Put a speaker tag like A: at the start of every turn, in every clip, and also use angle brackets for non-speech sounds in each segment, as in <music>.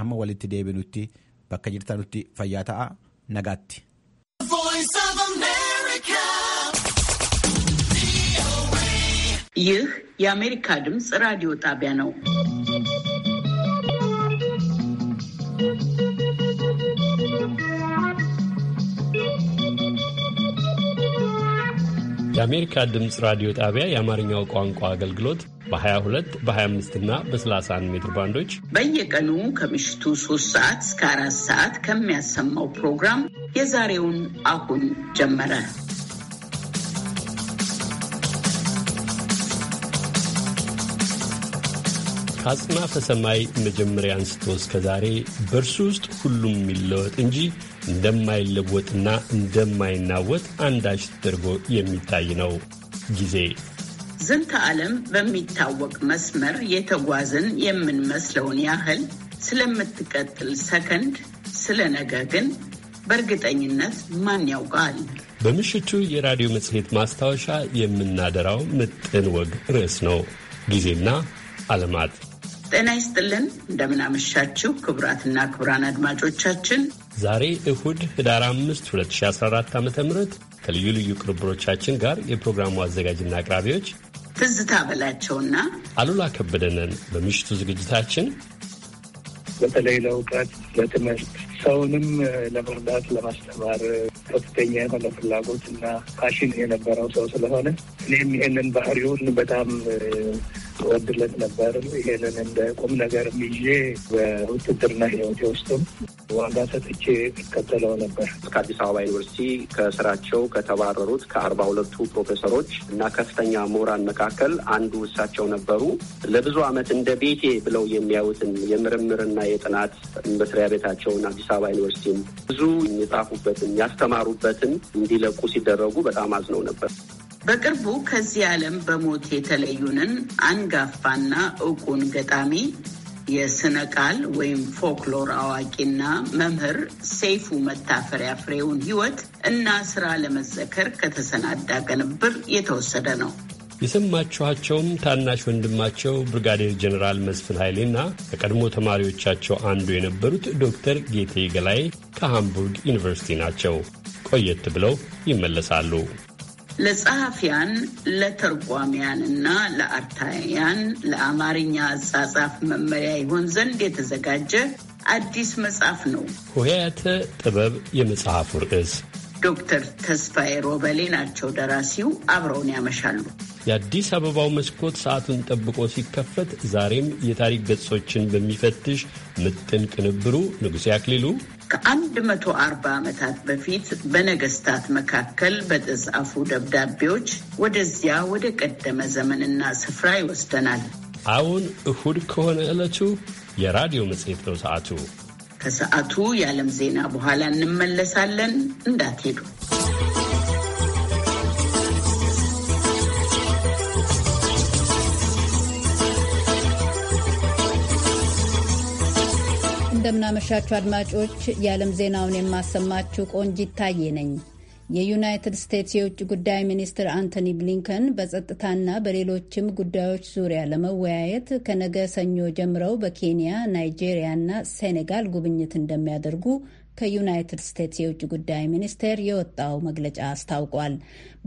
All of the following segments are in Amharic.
A: amma walitti deebinutti bakka jirtanutti fayyaa ta'a nagaatti. ይህ
B: የአሜሪካ ድምፅ ራዲዮ ጣቢያ ነው።
C: የአሜሪካ ድምፅ ራዲዮ ጣቢያ የአማርኛው ቋንቋ አገልግሎት በ22 በ25 እና በ31 ሜትር ባንዶች በየቀኑ ከምሽቱ 3 ሰዓት እስከ 4 ሰዓት ከሚያሰማው ፕሮግራም የዛሬውን አሁን ጀመረ። ከአጽናፈ ሰማይ መጀመሪያ አንስቶ እስከ ዛሬ በእርሱ ውስጥ ሁሉም የሚለወጥ እንጂ እንደማይለወጥና እንደማይናወጥ አንዳች ተደርጎ የሚታይ ነው ጊዜ
B: ዝንተ ዓለም በሚታወቅ መስመር የተጓዝን የምንመስለውን ያህል ስለምትቀጥል ሰከንድ፣ ስለ ነገ ግን በእርግጠኝነት ማን ያውቃል?
C: በምሽቱ የራዲዮ መጽሔት ማስታወሻ የምናደራው ምጥን ወግ ርዕስ ነው። ጊዜና አለማት
B: ጤና ይስጥልን፣ እንደምናመሻችሁ ክቡራትና ክቡራን አድማጮቻችን
C: ዛሬ እሁድ ህዳር 5 2014 ዓ ም ከልዩ ልዩ ቅርብሮቻችን ጋር የፕሮግራሙ አዘጋጅና አቅራቢዎች
B: ትዝታ በላቸውና
C: አሉላ ከበደንን በምሽቱ ዝግጅታችን በተለይ
D: ለእውቀት፣ ለትምህርት ሰውንም ለመርዳት ለማስተማር ከፍተኛ የሆነ ፍላጎት እና ፋሽን የነበረው ሰው ስለሆነ እኔም ይሄንን ባህሪውን በጣም ወድለት ነበር። ይሄንን እንደ ቁም ነገር ይዤ በውትድርና
E: ህይወቴ ውስጥም ዋጋ ሰጥቼ እከተለው ነበር። ከአዲስ አበባ ዩኒቨርሲቲ ከስራቸው ከተባረሩት ከአርባ ሁለቱ ፕሮፌሰሮች እና ከፍተኛ ምሁራን መካከል አንዱ እሳቸው ነበሩ። ለብዙ ዓመት እንደ ቤቴ ብለው የሚያዩትን የምርምርና የጥናት መስሪያ ቤታቸውን አዲስ አዲስ አበባ ዩኒቨርሲቲም ብዙ የጻፉበትን ያስተማሩበትን እንዲለቁ ሲደረጉ በጣም አዝነው ነበር።
B: በቅርቡ ከዚህ ዓለም በሞት የተለዩንን አንጋፋና እውቁን ገጣሚ የስነ ቃል ወይም ፎክሎር አዋቂና መምህር ሰይፉ መታፈሪያ ፍሬውን ህይወት እና ስራ ለመዘከር ከተሰናዳ ቅንብር የተወሰደ ነው።
C: የሰማችኋቸውም ታናሽ ወንድማቸው ብርጋዴር ጀኔራል መስፍን ኃይሌና ከቀድሞ ተማሪዎቻቸው አንዱ የነበሩት ዶክተር ጌቴ ገላይ ከሃምቡርግ ዩኒቨርሲቲ ናቸው። ቆየት ብለው ይመለሳሉ።
B: ለጸሐፊያን፣ ለተርጓሚያን እና ለአርታያን ለአማርኛ አጻጻፍ መመሪያ ይሆን ዘንድ የተዘጋጀ አዲስ መጽሐፍ ነው።
C: ሆሄያተ ጥበብ የመጽሐፉ ርዕስ ዶክተር
B: ተስፋዬ ሮበሌ ናቸው ደራሲው። አብረውን ያመሻሉ።
C: የአዲስ አበባው መስኮት ሰዓቱን ጠብቆ ሲከፈት ዛሬም የታሪክ ገጾችን በሚፈትሽ ምጥን ቅንብሩ ንጉሴ አክሊሉ
B: ከአንድ መቶ አርባ ዓመታት በፊት በነገስታት መካከል በተጻፉ ደብዳቤዎች ወደዚያ ወደ ቀደመ ዘመንና ስፍራ
C: ይወስደናል። አሁን እሁድ ከሆነ ዕለቱ የራዲዮ መጽሔት ነው። ሰዓቱ ከሰዓቱ
B: የዓለም ዜና በኋላ እንመለሳለን።
C: እንዳትሄዱ።
F: እንደምናመሻችሁ አድማጮች፣ የዓለም ዜናውን የማሰማችሁ ቆንጂት ታዬ ነኝ። የዩናይትድ ስቴትስ የውጭ ጉዳይ ሚኒስትር አንቶኒ ብሊንከን በጸጥታና በሌሎችም ጉዳዮች ዙሪያ ለመወያየት ከነገ ሰኞ ጀምረው በኬንያ፣ ናይጄሪያና ሴኔጋል ጉብኝት እንደሚያደርጉ ከዩናይትድ ስቴትስ የውጭ ጉዳይ ሚኒስቴር የወጣው መግለጫ አስታውቋል።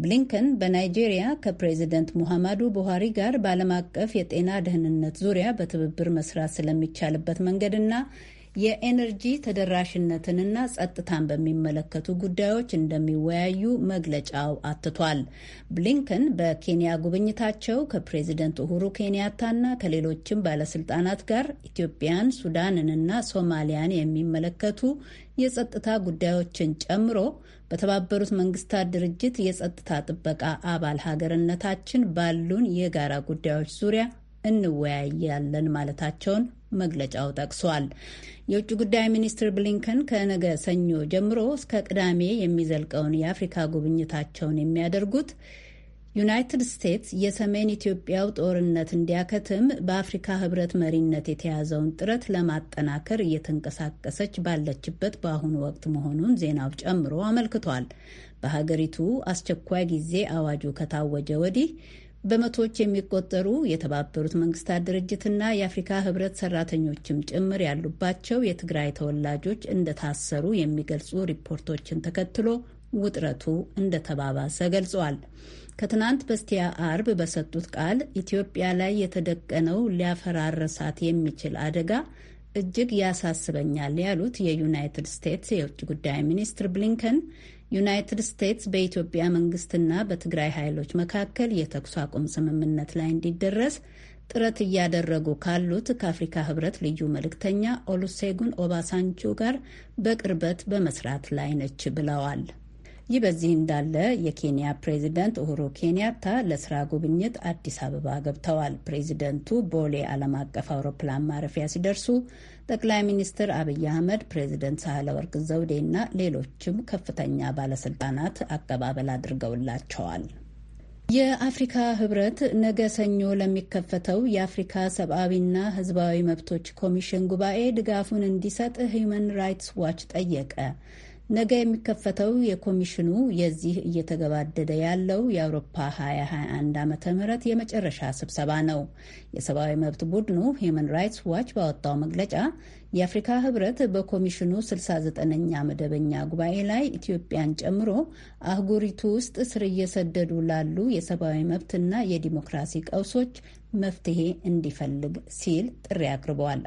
F: ብሊንከን በናይጄሪያ ከፕሬዚደንት ሙሐማዱ ቡሃሪ ጋር በዓለም አቀፍ የጤና ደህንነት ዙሪያ በትብብር መስራት ስለሚቻልበት መንገድና የኤነርጂ ተደራሽነትንና ጸጥታን በሚመለከቱ ጉዳዮች እንደሚወያዩ መግለጫው አትቷል። ብሊንከን በኬንያ ጉብኝታቸው ከፕሬዚደንት ኡሁሩ ኬንያታና ከሌሎችም ባለስልጣናት ጋር ኢትዮጵያን፣ ሱዳንንና ሶማሊያን የሚመለከቱ የጸጥታ ጉዳዮችን ጨምሮ በተባበሩት መንግስታት ድርጅት የጸጥታ ጥበቃ አባል ሀገርነታችን ባሉን የጋራ ጉዳዮች ዙሪያ እንወያያለን ማለታቸውን መግለጫው ጠቅሷል። የውጭ ጉዳይ ሚኒስትር ብሊንከን ከነገ ሰኞ ጀምሮ እስከ ቅዳሜ የሚዘልቀውን የአፍሪካ ጉብኝታቸውን የሚያደርጉት ዩናይትድ ስቴትስ የሰሜን ኢትዮጵያው ጦርነት እንዲያከትም በአፍሪካ ሕብረት መሪነት የተያዘውን ጥረት ለማጠናከር እየተንቀሳቀሰች ባለችበት በአሁኑ ወቅት መሆኑን ዜናው ጨምሮ አመልክቷል። በሀገሪቱ አስቸኳይ ጊዜ አዋጁ ከታወጀ ወዲህ በመቶዎች የሚቆጠሩ የተባበሩት መንግስታት ድርጅትና የአፍሪካ ህብረት ሰራተኞችም ጭምር ያሉባቸው የትግራይ ተወላጆች እንደታሰሩ የሚገልጹ ሪፖርቶችን ተከትሎ ውጥረቱ እንደተባባሰ ገልጿል። ከትናንት በስቲያ አርብ በሰጡት ቃል ኢትዮጵያ ላይ የተደቀነው ሊያፈራረሳት የሚችል አደጋ እጅግ ያሳስበኛል ያሉት የዩናይትድ ስቴትስ የውጭ ጉዳይ ሚኒስትር ብሊንከን ዩናይትድ ስቴትስ በኢትዮጵያ መንግስትና በትግራይ ኃይሎች መካከል የተኩስ አቁም ስምምነት ላይ እንዲደረስ ጥረት እያደረጉ ካሉት ከአፍሪካ ህብረት ልዩ መልእክተኛ ኦሉሴጉን ኦባሳንጆ ጋር በቅርበት በመስራት ላይ ነች ብለዋል። ይህ በዚህ እንዳለ የኬንያ ፕሬዚደንት ኡሁሩ ኬንያታ ለስራ ጉብኝት አዲስ አበባ ገብተዋል። ፕሬዚደንቱ ቦሌ ዓለም አቀፍ አውሮፕላን ማረፊያ ሲደርሱ ጠቅላይ ሚኒስትር አብይ አህመድ፣ ፕሬዚደንት ሳህለወርቅ ዘውዴ እና ሌሎችም ከፍተኛ ባለስልጣናት አቀባበል አድርገውላቸዋል። የአፍሪካ ህብረት ነገ ሰኞ ለሚከፈተው የአፍሪካ ሰብአዊና ህዝባዊ መብቶች ኮሚሽን ጉባኤ ድጋፉን እንዲሰጥ ሂዩማን ራይትስ ዋች ጠየቀ። ነገ የሚከፈተው የኮሚሽኑ የዚህ እየተገባደደ ያለው የአውሮፓ 2021 ዓ ም የመጨረሻ ስብሰባ ነው። የሰብአዊ መብት ቡድኑ ሂዩማን ራይትስ ዋች ባወጣው መግለጫ የአፍሪካ ህብረት በኮሚሽኑ 69ኛ መደበኛ ጉባኤ ላይ ኢትዮጵያን ጨምሮ አህጉሪቱ ውስጥ ስር እየሰደዱ ላሉ የሰብአዊ መብትና የዲሞክራሲ ቀውሶች መፍትሄ እንዲፈልግ ሲል ጥሪ አቅርበዋል።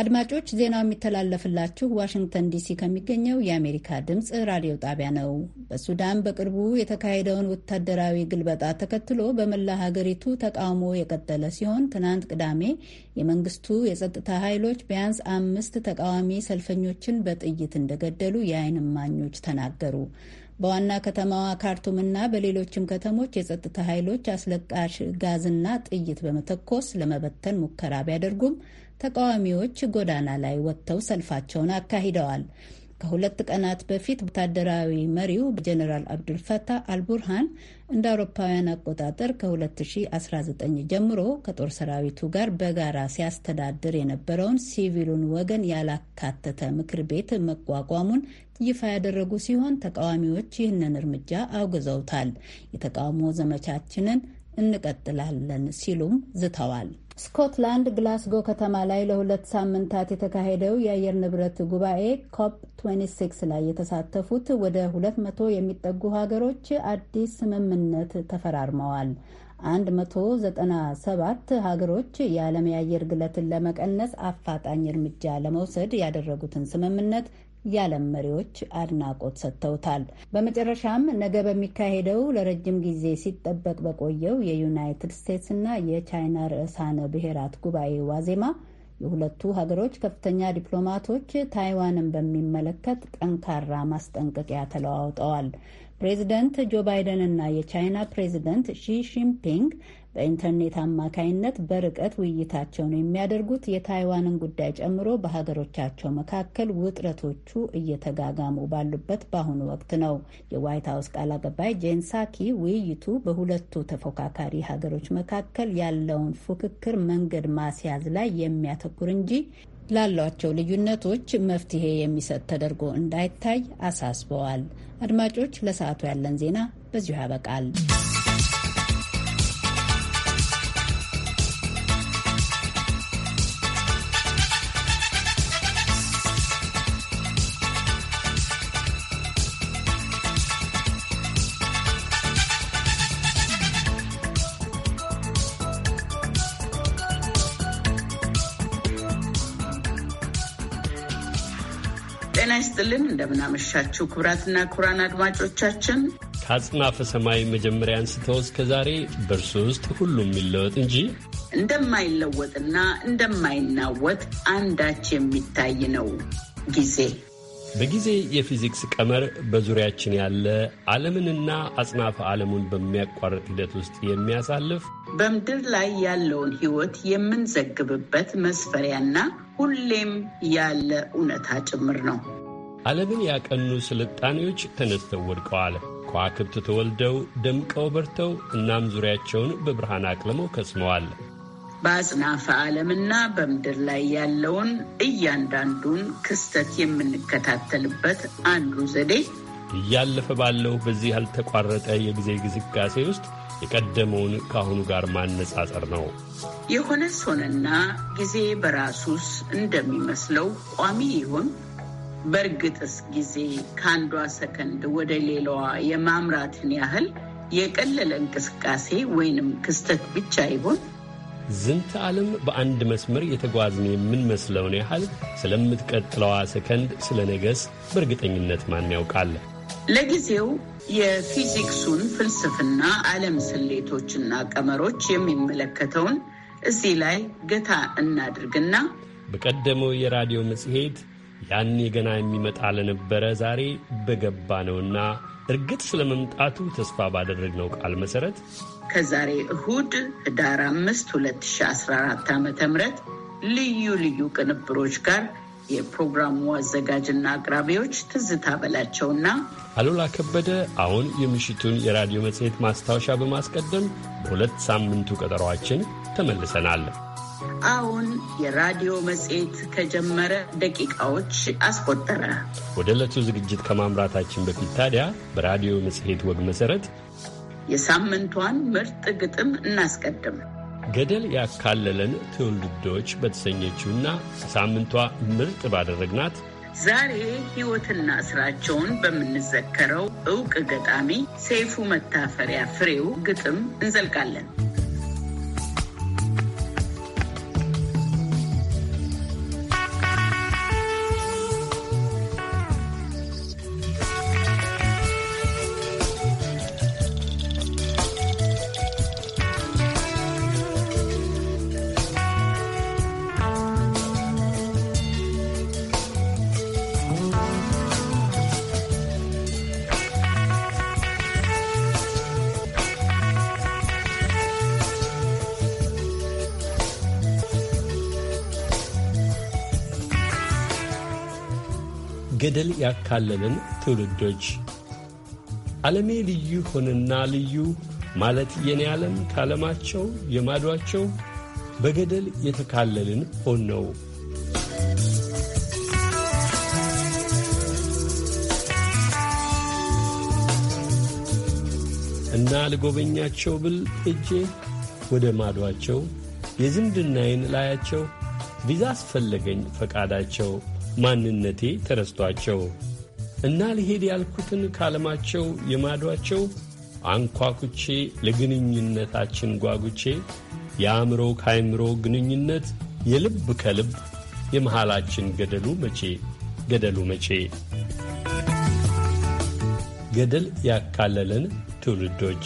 F: አድማጮች ዜናው የሚተላለፍላችሁ ዋሽንግተን ዲሲ ከሚገኘው የአሜሪካ ድምፅ ራዲዮ ጣቢያ ነው። በሱዳን በቅርቡ የተካሄደውን ወታደራዊ ግልበጣ ተከትሎ በመላ ሀገሪቱ ተቃውሞ የቀጠለ ሲሆን ትናንት ቅዳሜ የመንግስቱ የጸጥታ ኃይሎች ቢያንስ አምስት ተቃዋሚ ሰልፈኞችን በጥይት እንደገደሉ የአይን እማኞች ተናገሩ። በዋና ከተማዋ ካርቱምና በሌሎችም ከተሞች የጸጥታ ኃይሎች አስለቃሽ ጋዝና ጥይት በመተኮስ ለመበተን ሙከራ ቢያደርጉም ተቃዋሚዎች ጎዳና ላይ ወጥተው ሰልፋቸውን አካሂደዋል። ከሁለት ቀናት በፊት ወታደራዊ መሪው ጀኔራል አብዱልፈታህ አልቡርሃን እንደ አውሮፓውያን አቆጣጠር ከ2019 ጀምሮ ከጦር ሰራዊቱ ጋር በጋራ ሲያስተዳድር የነበረውን ሲቪሉን ወገን ያላካተተ ምክር ቤት መቋቋሙን ይፋ ያደረጉ ሲሆን ተቃዋሚዎች ይህንን እርምጃ አውግዘውታል። የተቃውሞ ዘመቻችንን እንቀጥላለን ሲሉም ዝተዋል። ስኮትላንድ ግላስጎ ከተማ ላይ ለሁለት ሳምንታት የተካሄደው የአየር ንብረት ጉባኤ ኮፕ 26 ላይ የተሳተፉት ወደ 200 የሚጠጉ ሀገሮች አዲስ ስምምነት ተፈራርመዋል። 197 ሀገሮች የዓለም የአየር ግለትን ለመቀነስ አፋጣኝ እርምጃ ለመውሰድ ያደረጉትን ስምምነት የዓለም መሪዎች አድናቆት ሰጥተውታል። በመጨረሻም ነገ በሚካሄደው ለረጅም ጊዜ ሲጠበቅ በቆየው የዩናይትድ ስቴትስና የቻይና ርዕሳነ ብሔራት ጉባኤ ዋዜማ የሁለቱ ሀገሮች ከፍተኛ ዲፕሎማቶች ታይዋንን በሚመለከት ጠንካራ ማስጠንቀቂያ ተለዋውጠዋል። ፕሬዚደንት ጆ ባይደን እና የቻይና ፕሬዚደንት ሺ ጂንፒንግ በኢንተርኔት አማካይነት በርቀት ውይይታቸውን የሚያደርጉት የታይዋንን ጉዳይ ጨምሮ በሀገሮቻቸው መካከል ውጥረቶቹ እየተጋጋሙ ባሉበት በአሁኑ ወቅት ነው። የዋይት ሀውስ ቃል አቀባይ ጄን ሳኪ ውይይቱ በሁለቱ ተፎካካሪ ሀገሮች መካከል ያለውን ፉክክር መንገድ ማስያዝ ላይ የሚያተኩር እንጂ ላሏቸው ልዩነቶች መፍትሄ የሚሰጥ ተደርጎ እንዳይታይ አሳስበዋል። አድማጮች፣ ለሰዓቱ ያለን ዜና በዚሁ ያበቃል።
B: ይስጥልን። እንደምናመሻችው ክቡራትና ክቡራን አድማጮቻችን
C: ከአጽናፈ ሰማይ መጀመሪያ አንስቶ እስከ ዛሬ በእርሱ ውስጥ ሁሉም የሚለወጥ እንጂ
B: እንደማይለወጥና እንደማይናወጥ አንዳች የሚታይ ነው
C: ጊዜ። በጊዜ የፊዚክስ ቀመር በዙሪያችን ያለ ዓለምንና አጽናፈ ዓለሙን በሚያቋርጥ ሂደት ውስጥ የሚያሳልፍ
B: በምድር ላይ ያለውን ሕይወት የምንዘግብበት መስፈሪያና ሁሌም ያለ እውነታ ጭምር ነው።
C: ዓለምን ያቀኑ ስልጣኔዎች ተነስተው ወድቀዋል። ከዋክብት ተወልደው ደምቀው በርተው እናም ዙሪያቸውን በብርሃን አቅልመው ከስመዋል።
B: በአጽናፈ ዓለምና በምድር ላይ ያለውን እያንዳንዱን ክስተት የምንከታተልበት አንዱ ዘዴ
C: እያለፈ ባለው በዚህ ያልተቋረጠ የጊዜ ግስጋሴ ውስጥ የቀደመውን ከአሁኑ ጋር ማነጻጸር ነው።
B: የሆነስ ሆነና ጊዜ በራሱስ እንደሚመስለው ቋሚ ይሆን? በእርግጥስ ጊዜ ከአንዷ ሰከንድ ወደ ሌላዋ የማምራትን ያህል የቀለለ እንቅስቃሴ ወይንም ክስተት ብቻ ይሆን?
C: ዝንተ ዓለም በአንድ መስመር የተጓዝን የምንመስለውን ያህል ስለምትቀጥለዋ ሰከንድ ስለ ነገስ በእርግጠኝነት ማን ያውቃል?
B: ለጊዜው የፊዚክሱን ፍልስፍና ዓለም ስሌቶችና ቀመሮች የሚመለከተውን እዚህ ላይ ገታ እናድርግና
C: በቀደመው የራዲዮ መጽሔት ያኔ ገና የሚመጣ ለነበረ ዛሬ በገባ ነውና እርግጥ ስለ መምጣቱ ተስፋ ባደረግነው ቃል መሰረት
B: ከዛሬ እሁድ ህዳር አምስት 2014 ዓ ም ልዩ ልዩ ቅንብሮች ጋር የፕሮግራሙ አዘጋጅና አቅራቢዎች ትዝታ በላቸውና
C: አሉላ ከበደ አሁን የምሽቱን የራዲዮ መጽሔት ማስታወሻ በማስቀደም በሁለት ሳምንቱ ቀጠሯችን ተመልሰናል።
B: አሁን የራዲዮ መጽሔት ከጀመረ ደቂቃዎች አስቆጠረ።
C: ወደ ዕለቱ ዝግጅት ከማምራታችን በፊት ታዲያ በራዲዮ መጽሔት ወግ መሠረት
B: የሳምንቷን ምርጥ ግጥም እናስቀድም።
C: ገደል ያካለለን ትውልዶች በተሰኘችውና ሳምንቷ ምርጥ ባደረግናት
B: ዛሬ ሕይወትና ስራቸውን በምንዘከረው ዕውቅ ገጣሚ ሰይፉ መታፈሪያ ፍሬው ግጥም እንዘልቃለን።
C: በደል ያካለልን ትውልዶች ዓለሜ ልዩ ሆንና ልዩ ማለት የኔ ዓለም ካለማቸው የማዷቸው በገደል የተካለልን ሆን ነው። እና ልጎበኛቸው ብል እጄ ወደ ማዷቸው የዝምድናዬን ላያቸው ቪዛ አስፈለገኝ ፈቃዳቸው ማንነቴ ተረስቷቸው እና ልሄድ ያልኩትን ካለማቸው የማዷቸው አንኳኩቼ ለግንኙነታችን ጓጉቼ የአእምሮ ከአእምሮ ግንኙነት የልብ ከልብ የመሃላችን ገደሉ መቼ ገደሉ መቼ ገደል ያካለለን ትውልዶች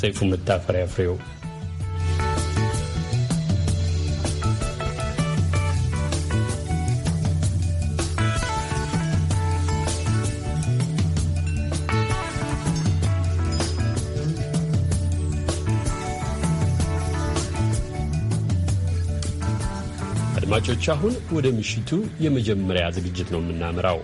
C: ሰይፉ መታፈሪያ ፍሬው አድማጮች አሁን ወደ ምሽቱ የመጀመሪያ ዝግጅት ነው የምናምራው።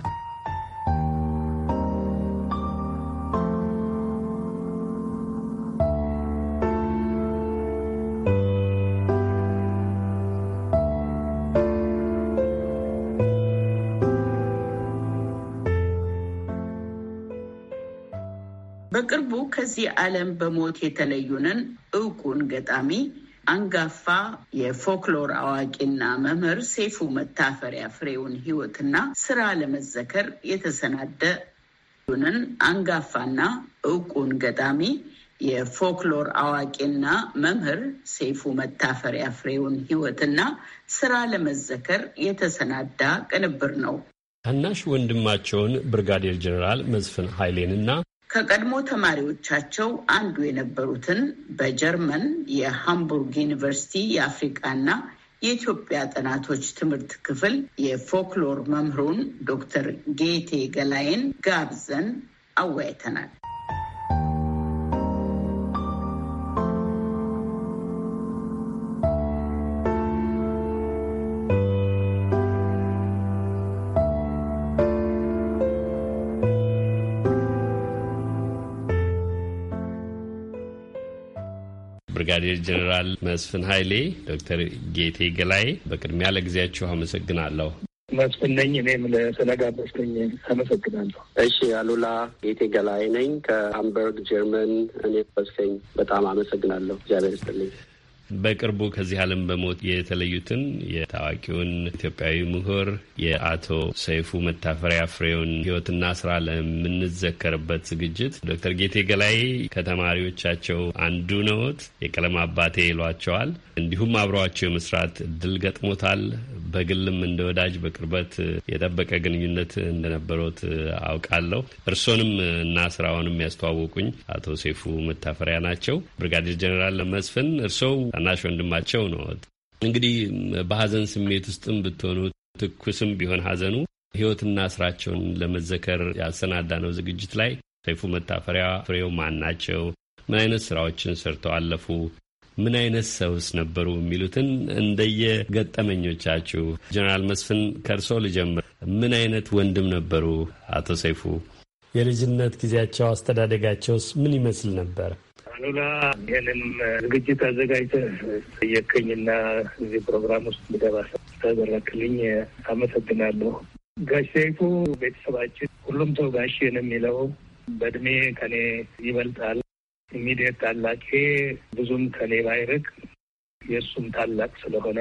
B: በቅርቡ ከዚህ ዓለም በሞት የተለዩንን እውቁን ገጣሚ አንጋፋ የፎክሎር አዋቂና መምህር ሴፉ መታፈሪያ ፍሬውን ህይወትና ስራ ለመዘከር የተሰናደ ንን አንጋፋና እውቁን ገጣሚ የፎክሎር አዋቂና መምህር ሴፉ መታፈሪያ ፍሬውን ህይወትና ስራ ለመዘከር የተሰናዳ ቅንብር ነው።
C: ታናሽ ወንድማቸውን ብርጋዴር ጀኔራል መዝፍን ኃይሌንና
B: ከቀድሞ ተማሪዎቻቸው አንዱ የነበሩትን በጀርመን የሃምቡርግ ዩኒቨርሲቲ የአፍሪቃና የኢትዮጵያ ጥናቶች ትምህርት ክፍል የፎክሎር መምህሩን ዶክተር ጌቴ ገላይን ጋብዘን አወያይተናል።
C: ብሪጋዴር ጀኔራል መስፍን ኃይሌ፣ ዶክተር ጌቴ ገላይ በቅድሚያ ለጊዜያችሁ አመሰግናለሁ።
D: መስፍን ነኝ። እኔም ስለጋበዝከኝ አመሰግናለሁ።
C: እሺ አሉላ ጌቴ
E: ገላይ ነኝ ከሃምበርግ ጀርመን። እኔ በስከኝ በጣም አመሰግናለሁ። እግዚአብሔር ይስጥልኝ።
C: በቅርቡ ከዚህ ዓለም በሞት የተለዩትን የታዋቂውን ኢትዮጵያዊ ምሁር የአቶ ሰይፉ መታፈሪያ ፍሬውን ህይወትና ስራ ለምንዘከርበት ዝግጅት ዶክተር ጌቴ ገላይ ከተማሪዎቻቸው አንዱ ነዎት። የቀለም አባቴ ይሏቸዋል። እንዲሁም አብረዋቸው የመስራት እድል ገጥሞታል። በግልም እንደ ወዳጅ በቅርበት የጠበቀ ግንኙነት እንደነበረት አውቃለሁ። እርሶንም እና ስራውንም ያስተዋወቁኝ አቶ ሴፉ መታፈሪያ ናቸው። ብርጋዴር ጀኔራል መስፍን እርስዎ ታናሽ ወንድማቸው ነው። እንግዲህ በሀዘን ስሜት ውስጥም ብትሆኑ ትኩስም ቢሆን ሀዘኑ ህይወትና ስራቸውን ለመዘከር ያሰናዳ ነው ዝግጅት ላይ ሰይፉ መታፈሪያ ፍሬው ማን ናቸው? ምን አይነት ስራዎችን ሰርተው አለፉ? ምን አይነት ሰውስ ነበሩ የሚሉትን እንደየ ገጠመኞቻችሁ። ጀነራል መስፍን ከእርሶ ልጀምር። ምን አይነት ወንድም ነበሩ አቶ ሰይፉ? የልጅነት ጊዜያቸው አስተዳደጋቸውስ ምን ይመስል ነበር?
D: አሉላ ይህንም ዝግጅት አዘጋጅተህ የከኝና እዚህ ፕሮግራም ውስጥ ምደባ ተበረክልኝ አመሰግናለሁ። ጋሽ ሰይፉ ቤተሰባችን ሁሉም ሰው ጋሽ ነው የሚለው በእድሜ ከኔ ይበልጣል። ኢሚዲየት ታላቄ ብዙም ከኔ ባይርቅ የእሱም ታላቅ ስለሆነ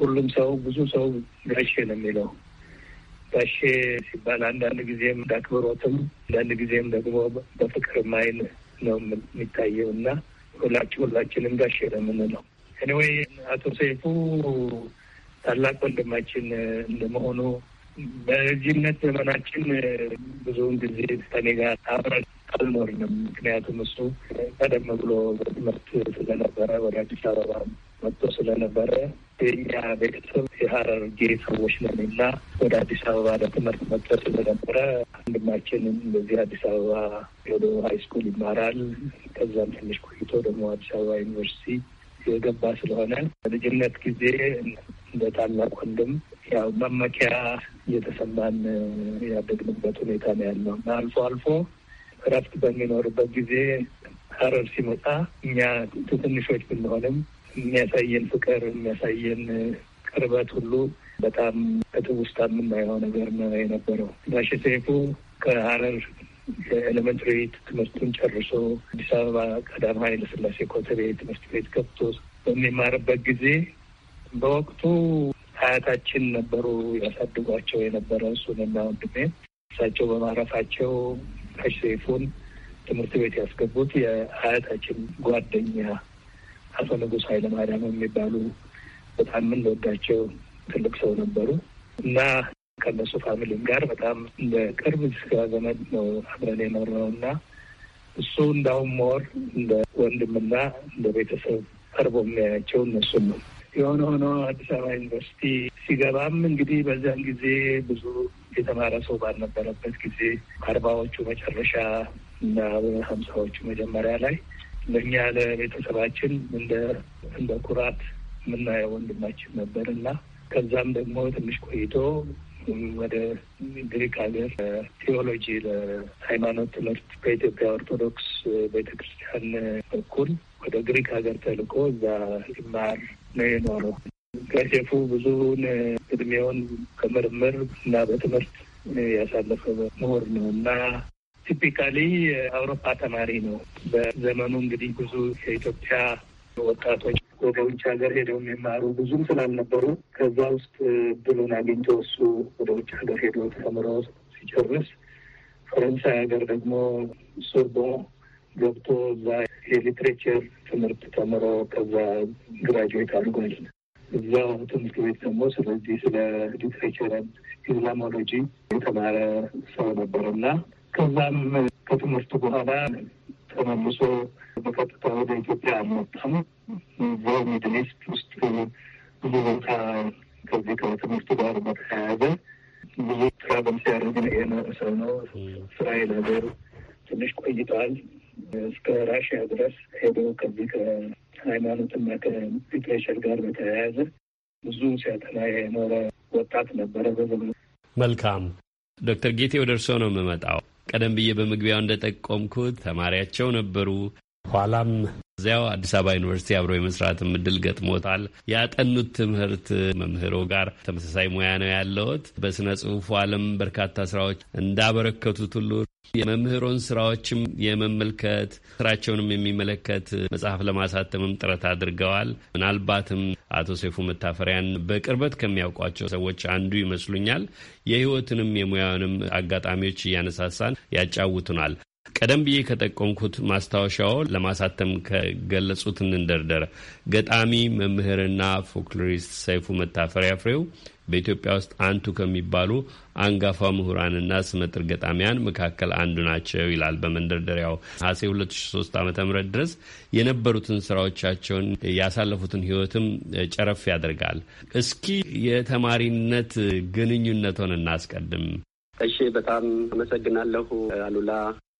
D: ሁሉም ሰው ብዙ ሰው ጋሼ ነው የሚለው። ጋሼ ሲባል አንዳንድ ጊዜም እንዳክብሮትም አንዳንድ ጊዜም ደግሞ በፍቅርም ዓይን ነው የሚታየው እና ሁላችን ሁላችንም ጋሼ ነው የምንለው። ኤኒዌይ አቶ ሰይፉ ታላቅ ወንድማችን እንደመሆኑ በልጅነት ዘመናችን ብዙውን ጊዜ ከኔ ጋር አብረን አልኖርንም። ምክንያቱም እሱ ቀደም ብሎ በትምህርት ስለነበረ ወደ አዲስ አበባ መጥቶ ስለነበረ የኛ ቤተሰብ የሀረርጌ ሰዎች ነን እና ወደ አዲስ አበባ ለትምህርት መጥቶ ስለነበረ ወንድማችንም በዚህ አዲስ አበባ ወደ ሀይ ስኩል ይማራል። ከዛም ትንሽ ቆይቶ ደግሞ አዲስ አበባ ዩኒቨርሲቲ የገባ ስለሆነ በልጅነት ጊዜ እንደ ታላቅ ወንድም ያው መመኪያ እየተሰማን ያደግንበት ሁኔታ ነው ያለው እና አልፎ አልፎ እረፍት በሚኖርበት ጊዜ ሀረር ሲመጣ እኛ ትንሾች ብንሆንም የሚያሳየን ፍቅር የሚያሳየን ቅርበት ሁሉ በጣም ከትውስታ የምናየው ነገር ነው የነበረው። ጋሽ ሰይፉ ከሀረር የኤሌመንትሪ ትምህርቱን ጨርሶ አዲስ አበባ ቀዳማዊ ኃይለ ሥላሴ ኮተቤ ትምህርት ቤት ገብቶ በሚማርበት ጊዜ በወቅቱ አያታችን ነበሩ ያሳድጓቸው የነበረ እና ወንድሜ እሳቸው በማረፋቸው ነጋሽ ሰይፉን ትምህርት ቤት ያስገቡት የአያታችን ጓደኛ አቶ ንጉስ ኃይለማርያም የሚባሉ በጣም የምንወዳቸው ትልቅ ሰው ነበሩ እና ከነሱ ፋሚሊም ጋር በጣም በቅርብ ስጋ ዘመድ ነው አብረን የኖርነው እና እሱ እንዳሁም ሞር እንደ ወንድምና እንደ ቤተሰብ ቀርቦ የሚያያቸው እነሱን ነው። የሆነ ሆኖ አዲስ አበባ ዩኒቨርሲቲ ሲገባም እንግዲህ በዚያን ጊዜ ብዙ የተማረ ሰው ባልነበረበት ጊዜ አርባዎቹ መጨረሻ እና ሀምሳዎቹ መጀመሪያ ላይ ለእኛ ለቤተሰባችን እንደ እንደ ኩራት የምናየው ወንድማችን ነበር እና ከዛም ደግሞ ትንሽ ቆይቶ ወደ ግሪክ ሀገር ቴዎሎጂ ለሃይማኖት ትምህርት በኢትዮጵያ ኦርቶዶክስ ቤተክርስቲያን በኩል ወደ ግሪክ ሀገር ተልኮ እዛ ይማር ነው የኖረው። ጋሼፉ ብዙውን እድሜውን ከምርምር እና በትምህርት ያሳለፈ ምሁር ነው እና ቲፒካሊ የአውሮፓ ተማሪ ነው። በዘመኑ እንግዲህ ብዙ የኢትዮጵያ ወጣቶች ወደ ውጭ ሀገር ሄደው የሚማሩ ብዙም ስላልነበሩ ከዛ ውስጥ ብሉን አግኝቶ እሱ ወደ ውጭ ሀገር ሄዶ ተምሮ ሲጨርስ ፈረንሳይ ሀገር ደግሞ ሶርቦን ገብቶ እዛ የሊትሬቸር ትምህርት ተምሮ ከዛ ግራጁዌት አድርጓል። እዛ ትምህርት ቤት ደግሞ ስለዚህ ስለ ሊትሬቸርን ኢስላሞሎጂ የተማረ ሰው ነበር እና ከዛም ከትምህርቱ በኋላ ተመልሶ በቀጥታ ወደ ኢትዮጵያ አልመጣም። እዛው ሚድል ኢስት ውስጥ ብዙ ቦታ ከዚህ ከትምህርቱ ጋር በተያያዘ ብዙ ስራ በምስያደርግ ነው ሰው ነው። እስራኤል ሀገር ትንሽ ቆይተዋል። እስከ ራሽያ ድረስ ሄዶ ከዚህ ከሃይማኖትና ከሊትሬቸር ጋር በተያያዘ ብዙ ሲያጠና የኖረ ወጣት ነበረ። በዘመኑ
C: መልካም ዶክተር ጌቴ ወደ እርስዎ ነው የምመጣው። ቀደም ብዬ በመግቢያው እንደጠቆምኩት ተማሪያቸው ነበሩ ኋላም እዚያው አዲስ አበባ ዩኒቨርሲቲ አብሮ የመስራትም እድል ገጥሞታል። ያጠኑት ትምህርት መምህሮ ጋር ተመሳሳይ ሙያ ነው ያለውት በስነ ጽሁፉ ዓለም በርካታ ስራዎች እንዳበረከቱት ሁሉ የመምህሮን ስራዎችም የመመልከት ስራቸውንም የሚመለከት መጽሐፍ ለማሳተምም ጥረት አድርገዋል። ምናልባትም አቶ ሴፉ መታፈሪያን በቅርበት ከሚያውቋቸው ሰዎች አንዱ ይመስሉኛል። የህይወትንም የሙያውንም አጋጣሚዎች እያነሳሳን ያጫውቱናል። ቀደም ብዬ ከጠቆምኩት ማስታወሻው ለማሳተም ከገለጹት እንንደርደር። ገጣሚ መምህርና ፎክሎሪስት ሰይፉ መታፈሪያ ፍሬው በኢትዮጵያ ውስጥ አንቱ ከሚባሉ አንጋፋ ምሁራንና ስመጥር ገጣሚያን መካከል አንዱ ናቸው ይላል በመንደርደሪያው። ሐሴ 2003 ዓ ም ድረስ የነበሩትን ስራዎቻቸውን ያሳለፉትን ህይወትም ጨረፍ ያደርጋል። እስኪ የተማሪነት ግንኙነቶን እናስቀድም።
E: እሺ፣ በጣም አመሰግናለሁ አሉላ።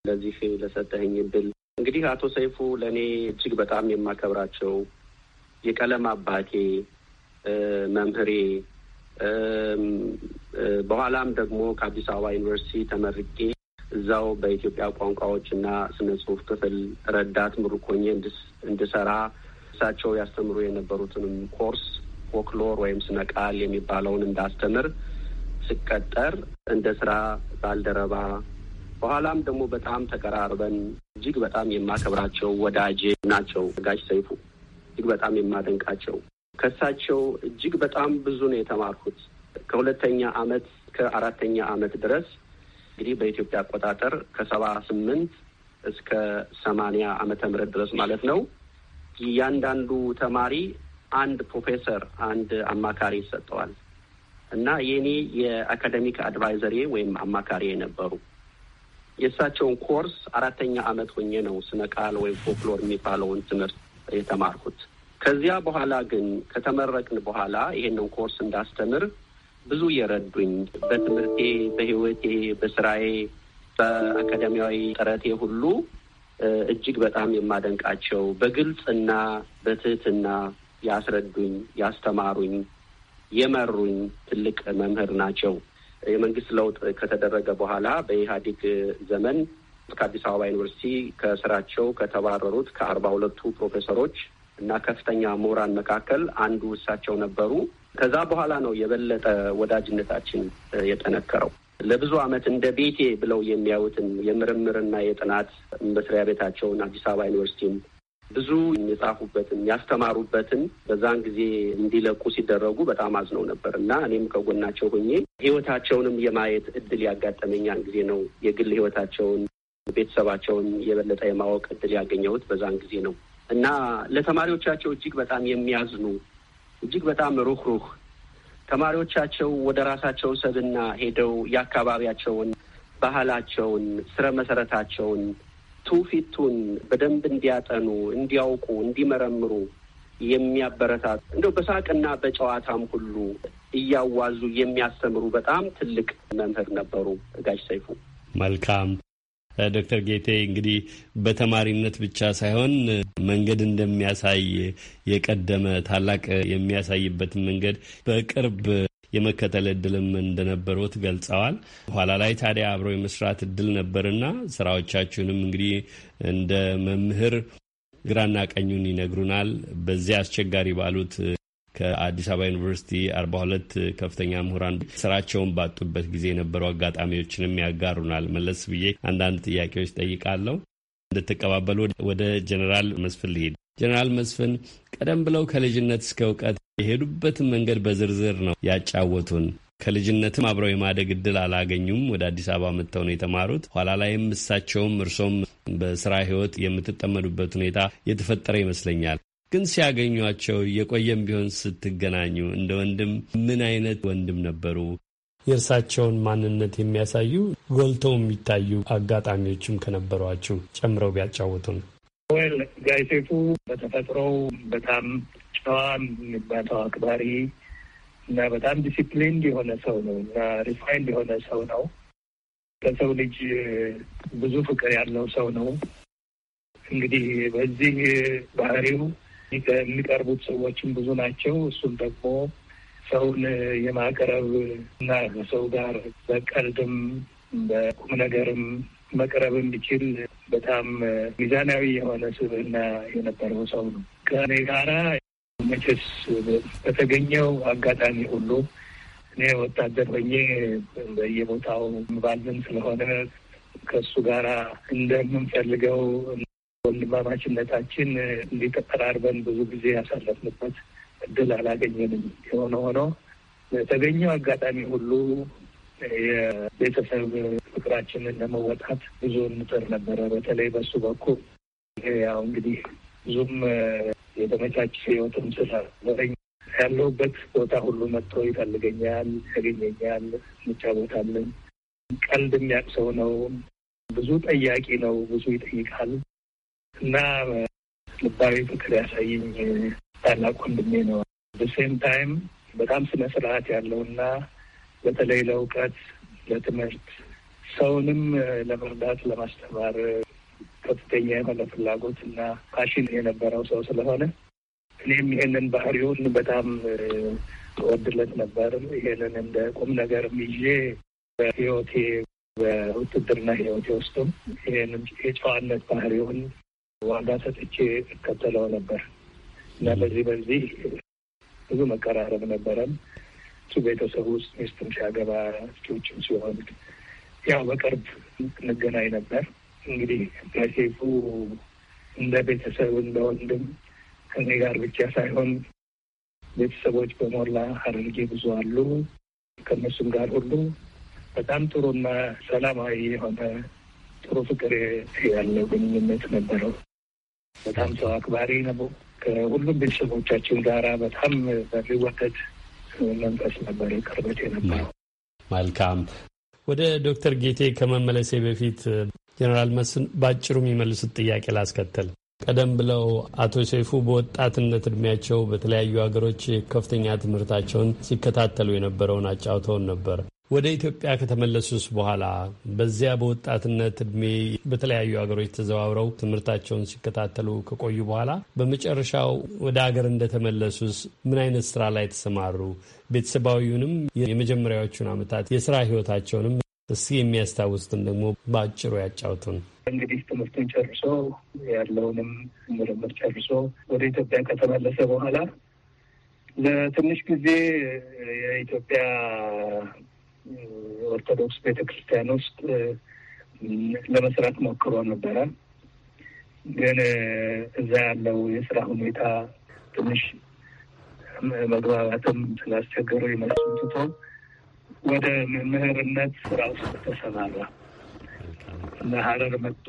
E: ለዚህ ለሰጠኝ እድል። እንግዲህ አቶ ሰይፉ ለእኔ እጅግ በጣም የማከብራቸው የቀለም አባቴ፣ መምህሬ በኋላም ደግሞ ከአዲስ አበባ ዩኒቨርሲቲ ተመርቄ እዛው በኢትዮጵያ ቋንቋዎች እና ስነ ጽሁፍ ክፍል ረዳት ምሩኮኜ እንድሰራ እሳቸው ያስተምሩ የነበሩትንም ኮርስ ፎክሎር ወይም ስነ ቃል የሚባለውን እንዳስተምር ስቀጠር እንደ ስራ ባልደረባ በኋላም ደግሞ በጣም ተቀራርበን እጅግ በጣም የማከብራቸው ወዳጄ ናቸው ጋሽ ሰይፉ እጅግ በጣም የማደንቃቸው። ከእሳቸው እጅግ በጣም ብዙ ነው የተማርኩት። ከሁለተኛ አመት ከአራተኛ አመት ድረስ እንግዲህ በኢትዮጵያ አቆጣጠር ከሰባ ስምንት እስከ ሰማኒያ አመተ ምህረት ድረስ ማለት ነው። እያንዳንዱ ተማሪ አንድ ፕሮፌሰር፣ አንድ አማካሪ ይሰጠዋል እና የኔ የአካደሚክ አድቫይዘሬ ወይም አማካሪ የነበሩ የእሳቸውን ኮርስ አራተኛ አመት ሆኜ ነው ስነ ቃል ወይም ፎክሎር የሚባለውን ትምህርት የተማርኩት። ከዚያ በኋላ ግን ከተመረቅን በኋላ ይሄንን ኮርስ እንዳስተምር ብዙ የረዱኝ በትምህርቴ፣ በህይወቴ፣ በስራዬ፣ በአካዳሚያዊ ጥረቴ ሁሉ እጅግ በጣም የማደንቃቸው በግልጽና በትህትና ያስረዱኝ፣ ያስተማሩኝ፣ የመሩኝ ትልቅ መምህር ናቸው። የመንግስት ለውጥ ከተደረገ በኋላ በኢህአዴግ ዘመን ከአዲስ አበባ ዩኒቨርሲቲ ከስራቸው ከተባረሩት ከአርባ ሁለቱ ፕሮፌሰሮች እና ከፍተኛ ምሁራን መካከል አንዱ እሳቸው ነበሩ። ከዛ በኋላ ነው የበለጠ ወዳጅነታችን የጠነከረው። ለብዙ ዓመት እንደ ቤቴ ብለው የሚያዩትን የምርምርና የጥናት መስሪያ ቤታቸውን አዲስ አበባ ዩኒቨርሲቲም ብዙ የጻፉበትን ያስተማሩበትን በዛን ጊዜ እንዲለቁ ሲደረጉ በጣም አዝነው ነበር እና እኔም ከጎናቸው ሆኜ ህይወታቸውንም የማየት እድል ያጋጠመኛን ጊዜ ነው። የግል ህይወታቸውን፣ ቤተሰባቸውን የበለጠ የማወቅ እድል ያገኘሁት በዛን ጊዜ ነው እና ለተማሪዎቻቸው እጅግ በጣም የሚያዝኑ እጅግ በጣም ሩህሩህ ተማሪዎቻቸው ወደ ራሳቸው ሰብና ሄደው የአካባቢያቸውን ባህላቸውን ስረ መሰረታቸውን ትውፊቱን በደንብ እንዲያጠኑ፣ እንዲያውቁ፣ እንዲመረምሩ የሚያበረታት እንደው በሳቅና በጨዋታም ሁሉ እያዋዙ የሚያስተምሩ በጣም ትልቅ መምህር ነበሩ ጋሽ ሰይፉ።
C: መልካም ዶክተር ጌቴ እንግዲህ በተማሪነት ብቻ ሳይሆን መንገድ እንደሚያሳይ የቀደመ ታላቅ የሚያሳይበትን መንገድ በቅርብ የመከተል እድልም እንደነበሩት ገልጸዋል። በኋላ ላይ ታዲያ አብረው የመስራት እድል ነበርና ስራዎቻችሁንም እንግዲህ እንደ መምህር ግራና ቀኙን ይነግሩናል። በዚያ አስቸጋሪ ባሉት ከአዲስ አበባ ዩኒቨርሲቲ አርባ ሁለት ከፍተኛ ምሁራን ስራቸውን ባጡበት ጊዜ የነበሩ አጋጣሚዎችንም ያጋሩናል። መለስ ብዬ አንዳንድ ጥያቄዎች ጠይቃለሁ እንድትቀባበሉ ወደ ጀኔራል መስፍን ልሄድ። ጀኔራል መስፍን ቀደም ብለው ከልጅነት እስከ እውቀት የሄዱበትን መንገድ በዝርዝር ነው ያጫወቱን። ከልጅነትም አብረው የማደግ እድል አላገኙም። ወደ አዲስ አበባ መጥተው ነው የተማሩት። ኋላ ላይም እሳቸውም እርሶም በስራ ህይወት የምትጠመዱበት ሁኔታ የተፈጠረ ይመስለኛል። ግን ሲያገኟቸው የቆየም ቢሆን ስትገናኙ እንደ ወንድም ምን አይነት ወንድም ነበሩ? የእርሳቸውን ማንነት የሚያሳዩ ጎልተው የሚታዩ አጋጣሚዎችም ከነበሯችሁ ጨምረው ቢያጫውቱን።
D: ወል ጋይሴቱ በተፈጥሮው በጣም ጨዋ የሚባለው አክባሪ እና በጣም ዲሲፕሊን የሆነ ሰው ነው እና ሪፋይን የሆነ ሰው ነው። ለሰው ልጅ ብዙ ፍቅር ያለው ሰው ነው። እንግዲህ በዚህ ባህሪው የሚቀርቡት ሰዎችም ብዙ ናቸው። እሱም ደግሞ ሰውን የማቅረብ እና ከሰው ጋር በቀልድም በቁም ነገርም መቅረብ የሚችል በጣም ሚዛናዊ የሆነ ስብዕና የነበረው ሰው ነው። ከእኔ ጋራ መቼስ በተገኘው አጋጣሚ ሁሉ እኔ ወታደር ሆኜ በየቦታው ባልን ስለሆነ ከእሱ ጋራ እንደምንፈልገው ወንድማማችነታችን እንዲተቀራርበን ብዙ ጊዜ ያሳለፍንበት እድል አላገኘንም። የሆነ ሆኖ በተገኘው አጋጣሚ ሁሉ የቤተሰብ ችግራችንን ለመወጣት ብዙ እንጥር ነበረ። በተለይ በሱ በኩል ይሄ ያው እንግዲህ ብዙም የተመቻቸ ህይወትም ስላልነበረኝ ያለሁበት ቦታ ሁሉ መጥቶ ይፈልገኛል፣ ያገኘኛል። ምቻ ቦታለን ቀልድ የሚያውቅ ሰው ነው። ብዙ ጠያቂ ነው። ብዙ ይጠይቃል እና ልባዊ ፍቅር ያሳየኝ ታላቅ ወንድሜ ነው። በሴም ታይም በጣም ስነ ስርዓት ያለው እና በተለይ ለእውቀት ለትምህርት ሰውንም ለመርዳት ለማስተማር ከፍተኛ የሆነ ፍላጎት እና ፋሽን የነበረው ሰው ስለሆነ እኔም ይሄንን ባህሪውን በጣም ወድለት ነበር። ይሄንን እንደ ቁም ነገር ይዤ በህይወቴ በውትድርና ህይወቴ ውስጥም ይሄንን የጨዋነት ባህሪውን ዋጋ ሰጥቼ እከተለው ነበር እና በዚህ በዚህ ብዙ መቀራረብ ነበረም። እሱ ቤተሰብ ውስጥ ሚስትም ሲያገባ ልጆችም ሲሆን ያው በቅርብ እንገናኝ ነበር። እንግዲህ መሴፉ እንደ ቤተሰብ እንደ ወንድም ከኔ ጋር ብቻ ሳይሆን ቤተሰቦች በሞላ ሀረርጌ ብዙ አሉ። ከእነሱም ጋር ሁሉ በጣም ጥሩና ሰላማዊ የሆነ ጥሩ ፍቅር ያለው ግንኙነት ነበረው። በጣም ሰው አክባሪ ነው። ከሁሉም ቤተሰቦቻችን ጋራ በጣም በሚወደድ መንፈስ ነበር ቅርበት የነበረው።
C: መልካም ወደ ዶክተር ጌቴ ከመመለሴ በፊት ጀኔራል መስን በአጭሩ የሚመልሱት ጥያቄ ላስከተል። ቀደም ብለው አቶ ሰይፉ በወጣትነት እድሜያቸው በተለያዩ ሀገሮች ከፍተኛ ትምህርታቸውን ሲከታተሉ የነበረውን አጫውተውን ነበር። ወደ ኢትዮጵያ ከተመለሱስ በኋላ በዚያ በወጣትነት እድሜ በተለያዩ ሀገሮች ተዘዋውረው ትምህርታቸውን ሲከታተሉ ከቆዩ በኋላ በመጨረሻው ወደ ሀገር እንደተመለሱስ ምን አይነት ስራ ላይ ተሰማሩ? ቤተሰባዊውንም የመጀመሪያዎቹን አመታት የስራ ህይወታቸውንም እስኪ የሚያስታውሱትን ደግሞ በአጭሩ ያጫውቱን።
D: እንግዲህ ትምህርቱን ጨርሶ ያለውንም ምርምር ጨርሶ ወደ ኢትዮጵያ ከተመለሰ በኋላ ለትንሽ ጊዜ የኢትዮጵያ ኦርቶዶክስ ቤተክርስቲያን ውስጥ ለመስራት ሞክሮ ነበረ። ግን እዛ ያለው የስራ ሁኔታ ትንሽ መግባባትም ስላስቸገሩ ይመስሉ ትቶ ወደ መምህርነት ስራ ውስጥ ተሰማራ እና ሀረር መጥቶ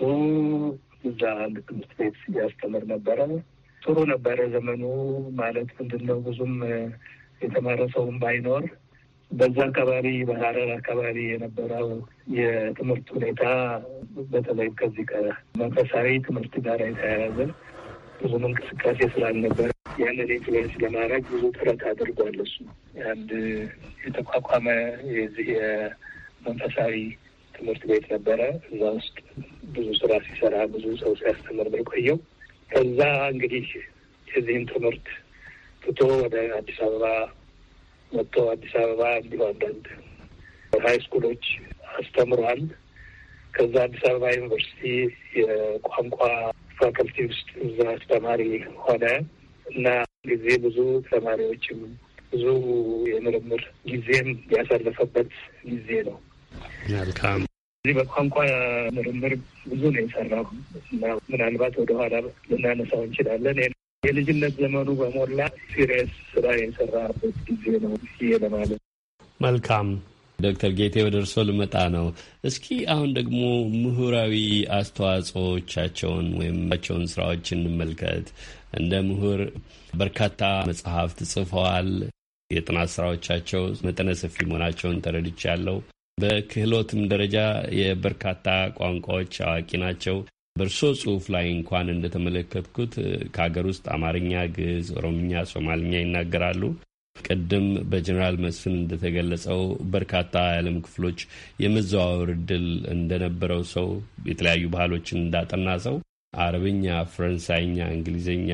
D: እዛ አንድ ትምህርት ቤት እያስተምር ነበረ። ጥሩ ነበረ ዘመኑ ማለት ምንድን ነው ብዙም የተማረ ሰውም ባይኖር በዛ አካባቢ በሀረር አካባቢ የነበረው የትምህርት ሁኔታ በተለይ ከዚህ ከመንፈሳዊ ትምህርት ጋር የተያያዘ ብዙም እንቅስቃሴ ስላልነበረ ያንን ኢንፍሉዌንስ ለማድረግ ብዙ ጥረት አድርጓል። እሱ አንድ የተቋቋመ የዚህ የመንፈሳዊ ትምህርት ቤት ነበረ። እዛ ውስጥ ብዙ ስራ ሲሰራ ብዙ ሰው ሲያስተምር ቆየው የቆየው። ከዛ እንግዲህ የዚህን ትምህርት ትቶ ወደ አዲስ አበባ መጥተው አዲስ አበባ እንዲሁ አንዳንድ ሀይ ስኩሎች አስተምሯል። ከዛ አዲስ አበባ ዩኒቨርሲቲ የቋንቋ ፋካልቲ ውስጥ እዛ አስተማሪ ሆነ እና ጊዜ ብዙ ተማሪዎችም ብዙ የምርምር ጊዜም ያሳለፈበት ጊዜ ነው። መልካም እዚህ በቋንቋ ምርምር ብዙ ነው የሰራው እና ምናልባት ወደኋላ ልናነሳው እንችላለን። የልጅነት ዘመኑ በሞላ ሲሪየስ ስራ የሰራበት ጊዜ ነው ብዬ ለማለት
C: መልካም ዶክተር ጌቴ ወደ እርሶ ልመጣ ነው። እስኪ አሁን ደግሞ ምሁራዊ አስተዋጽኦቻቸውን ወይም ቸውን ስራዎች እንመልከት። እንደ ምሁር በርካታ መጽሐፍት ጽፈዋል። የጥናት ስራዎቻቸው መጠነ ሰፊ መሆናቸውን ተረድቻለሁ። በክህሎትም ደረጃ የበርካታ ቋንቋዎች አዋቂ ናቸው። በእርሶ ጽሁፍ ላይ እንኳን እንደተመለከትኩት ከሀገር ውስጥ አማርኛ፣ ግዕዝ፣ ኦሮምኛ፣ ሶማልኛ ይናገራሉ። ቅድም በጀኔራል መስፍን እንደተገለጸው በርካታ የዓለም ክፍሎች የመዘዋወር እድል እንደነበረው ሰው የተለያዩ ባህሎችን እንዳጠና ሰው አረብኛ፣ ፈረንሳይኛ፣ እንግሊዝኛ፣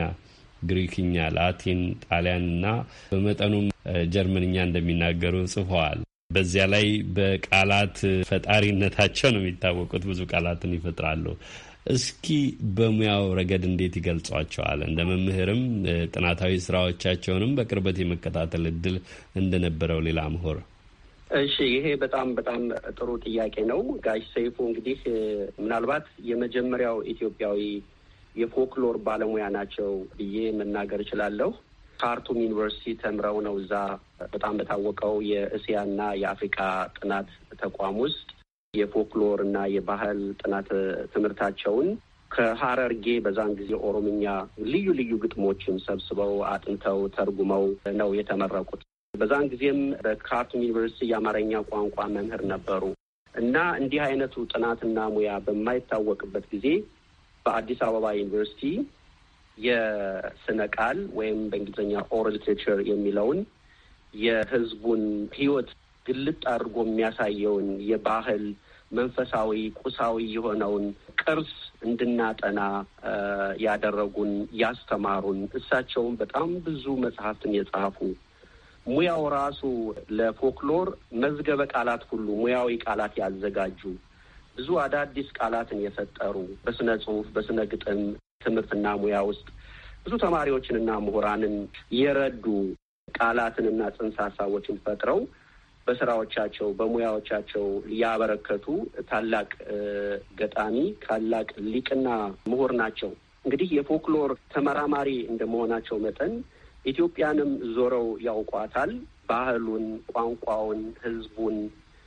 C: ግሪክኛ፣ ላቲን፣ ጣሊያን እና በመጠኑም ጀርመንኛ እንደሚናገሩ ጽፈዋል። በዚያ ላይ በቃላት ፈጣሪነታቸው ነው የሚታወቁት። ብዙ ቃላትን ይፈጥራሉ። እስኪ በሙያው ረገድ እንዴት ይገልጿቸዋል? እንደ መምህርም ጥናታዊ ስራዎቻቸውንም በቅርበት የመከታተል እድል እንደነበረው ሌላ ምሁር።
E: እሺ፣ ይሄ በጣም በጣም ጥሩ ጥያቄ ነው። ጋሽ ሰይፉ እንግዲህ ምናልባት የመጀመሪያው ኢትዮጵያዊ የፎክሎር ባለሙያ ናቸው ብዬ መናገር እችላለሁ። ካርቱም ዩኒቨርሲቲ ተምረው ነው እዛ በጣም በታወቀው የእስያና የአፍሪካ ጥናት ተቋም ውስጥ የፎክሎር እና የባህል ጥናት ትምህርታቸውን ከሀረርጌ በዛን ጊዜ ኦሮምኛ ልዩ ልዩ ግጥሞችን ሰብስበው አጥንተው ተርጉመው ነው የተመረቁት። በዛን ጊዜም በካርቱም ዩኒቨርሲቲ የአማርኛ ቋንቋ መምህር ነበሩ እና እንዲህ አይነቱ ጥናትና ሙያ በማይታወቅበት ጊዜ በአዲስ አበባ ዩኒቨርሲቲ የስነ ቃል ወይም በእንግሊዝኛ ኦራል ሊትሬቸር የሚለውን የህዝቡን ህይወት ግልጥ አድርጎ የሚያሳየውን የባህል መንፈሳዊ፣ ቁሳዊ የሆነውን ቅርስ እንድናጠና ያደረጉን ያስተማሩን፣ እሳቸውም በጣም ብዙ መጽሐፍትን የጻፉ ሙያው ራሱ ለፎክሎር መዝገበ ቃላት ሁሉ ሙያዊ ቃላት ያዘጋጁ ብዙ አዳዲስ ቃላትን የፈጠሩ በስነ ጽሁፍ በስነ ግጥም ትምህርትና ሙያ ውስጥ ብዙ ተማሪዎችንና ምሁራንን የረዱ ቃላትንና ጽንሰ ሀሳቦችን ፈጥረው በስራዎቻቸው በሙያዎቻቸው ያበረከቱ ታላቅ ገጣሚ ታላቅ ሊቅና ምሁር ናቸው። እንግዲህ የፎክሎር ተመራማሪ እንደመሆናቸው መጠን ኢትዮጵያንም ዞረው ያውቋታል። ባህሉን፣ ቋንቋውን፣ ህዝቡን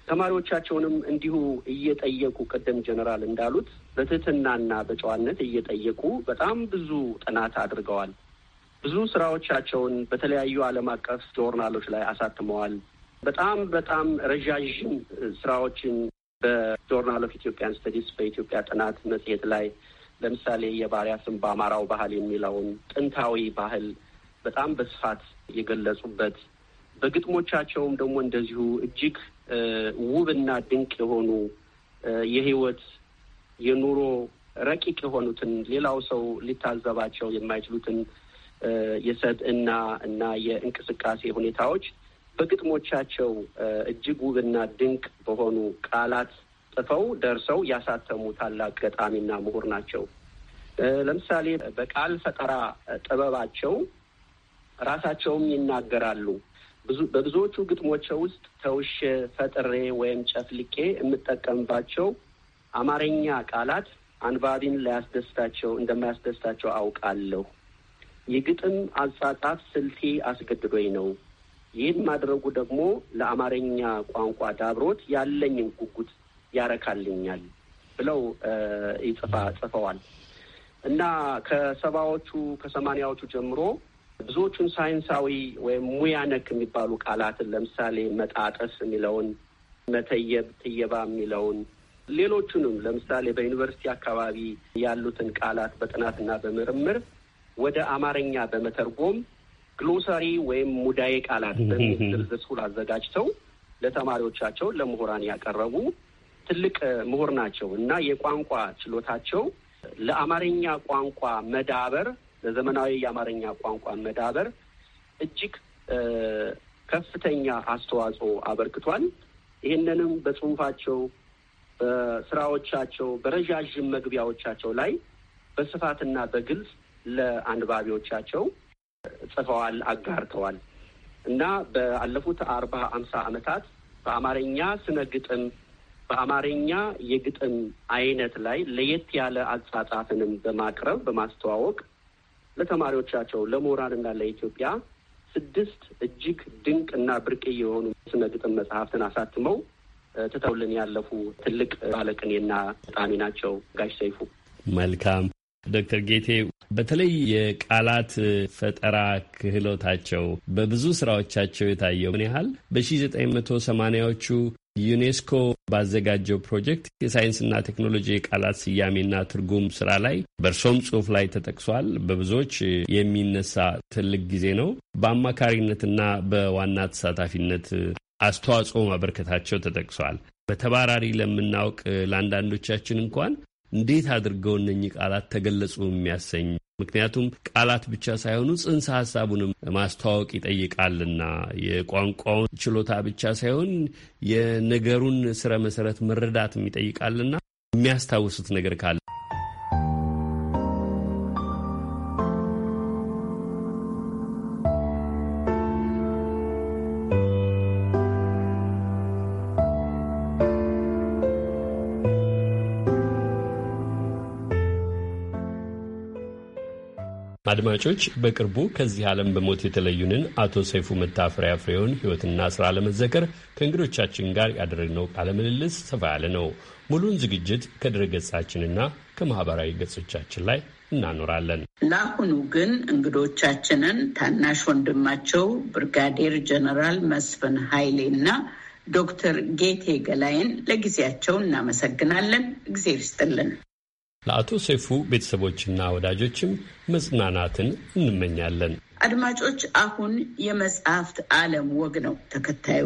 E: ተማሪዎቻቸውንም እንዲሁ እየጠየቁ ቅድም ጀነራል እንዳሉት በትህትናና በጨዋነት እየጠየቁ በጣም ብዙ ጥናት አድርገዋል። ብዙ ስራዎቻቸውን በተለያዩ ዓለም አቀፍ ጆርናሎች ላይ አሳትመዋል። በጣም በጣም ረዣዥም ስራዎችን በጆርናል ኦፍ ኢትዮጵያን ስተዲስ በኢትዮጵያ ጥናት መጽሔት ላይ ለምሳሌ የባሪያ ስም በአማራው ባህል የሚለውን ጥንታዊ ባህል በጣም በስፋት የገለጹበት በግጥሞቻቸውም ደግሞ እንደዚሁ እጅግ ውብና ድንቅ የሆኑ የህይወት የኑሮ ረቂቅ የሆኑትን ሌላው ሰው ሊታዘባቸው የማይችሉትን የሰብእና እና የእንቅስቃሴ ሁኔታዎች በግጥሞቻቸው እጅግ ውብና ድንቅ በሆኑ ቃላት ጽፈው ደርሰው ያሳተሙ ታላቅ ገጣሚና ምሁር ናቸው። ለምሳሌ በቃል ፈጠራ ጥበባቸው ራሳቸውም ይናገራሉ። ብዙ በብዙዎቹ ግጥሞቼ ውስጥ ተውሼ፣ ፈጥሬ ወይም ጨፍልቄ የምጠቀምባቸው አማርኛ ቃላት አንባቢን ላያስደስታቸው እንደማያስደስታቸው አውቃለሁ። የግጥም አጻጻፍ ስልቴ አስገድዶኝ ነው። ይህን ማድረጉ ደግሞ ለአማርኛ ቋንቋ ዳብሮት ያለኝን ጉጉት ያረካልኛል ብለው ይጽፋ ጽፈዋል እና ከሰባዎቹ ከሰማኒያዎቹ ጀምሮ ብዙዎቹን ሳይንሳዊ ወይም ሙያ ነክ የሚባሉ ቃላትን ለምሳሌ መጣጠስ የሚለውን መተየብ፣ ትየባ የሚለውን ሌሎቹንም ለምሳሌ በዩኒቨርሲቲ አካባቢ ያሉትን ቃላት በጥናትና በምርምር ወደ አማርኛ በመተርጎም ግሎሳሪ ወይም ሙዳዬ ቃላት በሚል ዝርዝር አዘጋጅተው ለተማሪዎቻቸው ለምሁራን ያቀረቡ ትልቅ ምሁር ናቸው እና የቋንቋ ችሎታቸው ለአማርኛ ቋንቋ መዳበር ለዘመናዊ የአማርኛ ቋንቋ መዳበር እጅግ ከፍተኛ አስተዋጽኦ አበርክቷል። ይህንንም በጽሁፋቸው፣ በስራዎቻቸው፣ በረዣዥም መግቢያዎቻቸው ላይ በስፋትና በግልጽ ለአንባቢዎቻቸው ጽፈዋል፣ አጋርተዋል እና በአለፉት አርባ አምሳ ዓመታት በአማርኛ ስነ ግጥም በአማርኛ የግጥም አይነት ላይ ለየት ያለ አጻጻፍንም በማቅረብ በማስተዋወቅ ለተማሪዎቻቸው ለምሁራንና ለኢትዮጵያ ስድስት እጅግ ድንቅ እና ብርቅ የሆኑ ስነ ግጥም መጽሐፍትን አሳትመው ትተውልን ያለፉ ትልቅ ባለቅኔና ጣሚ ናቸው ጋሽ ሰይፉ።
C: መልካም ዶክተር ጌቴ በተለይ የቃላት ፈጠራ ክህሎታቸው በብዙ ስራዎቻቸው የታየው ምን ያህል በ1980ዎቹ ዩኔስኮ ባዘጋጀው ፕሮጀክት የሳይንስና ቴክኖሎጂ የቃላት ስያሜና ትርጉም ስራ ላይ በእርሶም ጽሁፍ ላይ ተጠቅሷል። በብዙዎች የሚነሳ ትልቅ ጊዜ ነው። በአማካሪነትና በዋና ተሳታፊነት አስተዋጽኦ ማበርከታቸው ተጠቅሷል። በተባራሪ ለምናውቅ ለአንዳንዶቻችን እንኳን እንዴት አድርገው እነኚህ ቃላት ተገለጹ የሚያሰኝ ምክንያቱም ቃላት ብቻ ሳይሆኑ ጽንሰ ሀሳቡንም ማስተዋወቅ ይጠይቃልና የቋንቋውን ችሎታ ብቻ ሳይሆን የነገሩን ስረ መሰረት መረዳትም ይጠይቃልና የሚያስታውሱት ነገር ካለ አድማጮች በቅርቡ ከዚህ ዓለም በሞት የተለዩንን አቶ ሰይፉ መታፈሪያ ፍሬውን ሕይወትና ሥራ ለመዘከር ከእንግዶቻችን ጋር ያደረግነው ቃለ ምልልስ ሰፋ ያለ ነው። ሙሉን ዝግጅት ከድረ ገጻችንና ከማኅበራዊ ገጾቻችን ላይ እናኖራለን።
B: ለአሁኑ ግን እንግዶቻችንን ታናሽ ወንድማቸው ብርጋዴር ጀነራል መስፍን ኃይሌ እና ዶክተር ጌቴ ገላይን ለጊዜያቸው እናመሰግናለን። እግዜር ይስጥልን።
C: ለአቶ ሰይፉ ቤተሰቦችና ወዳጆችም መጽናናትን እንመኛለን።
B: አድማጮች፣ አሁን የመጽሐፍት ዓለም ወግ ነው ተከታዩ።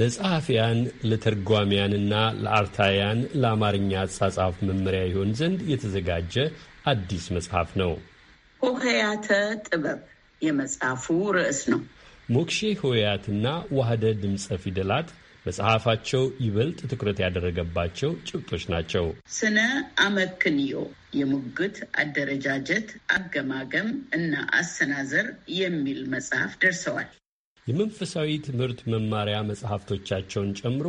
C: ለጸሐፊያን ለተርጓሚያንና ለአርታያን ለአማርኛ አጻጻፍ መመሪያ ይሆን ዘንድ የተዘጋጀ አዲስ መጽሐፍ ነው።
B: ሆሄያተ ጥበብ የመጽሐፉ ርዕስ ነው።
C: ሞክሼ ሆሄያትና ዋህደ ድምፀ ፊደላት መጽሐፋቸው ይበልጥ ትኩረት ያደረገባቸው ጭብጦች ናቸው።
B: ስነ አመክንዮ የሙግት አደረጃጀት፣ አገማገም እና አሰናዘር የሚል መጽሐፍ ደርሰዋል።
C: የመንፈሳዊ ትምህርት መማሪያ መጽሐፍቶቻቸውን ጨምሮ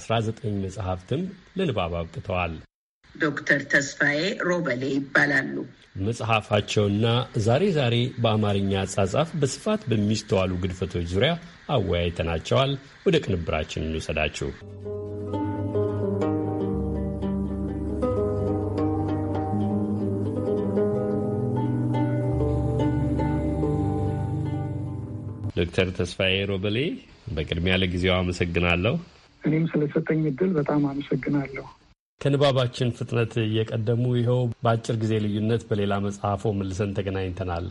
C: 19 መጽሐፍትም ለንባብ አብቅተዋል።
B: ዶክተር ተስፋዬ ሮበሌ ይባላሉ።
C: መጽሐፋቸውና ዛሬ ዛሬ በአማርኛ አጻጻፍ በስፋት በሚስተዋሉ ግድፈቶች ዙሪያ አወያይተናቸዋል። ወደ ቅንብራችን እንውሰዳችሁ። ዶክተር ተስፋዬ ሮበሌ በቅድሚያ ለጊዜው አመሰግናለሁ።
G: እኔም ስለሰጠኝ እድል በጣም አመሰግናለሁ።
C: ከንባባችን ፍጥነት እየቀደሙ ይኸው በአጭር ጊዜ ልዩነት በሌላ መጽሐፎ መልሰን ተገናኝተናል።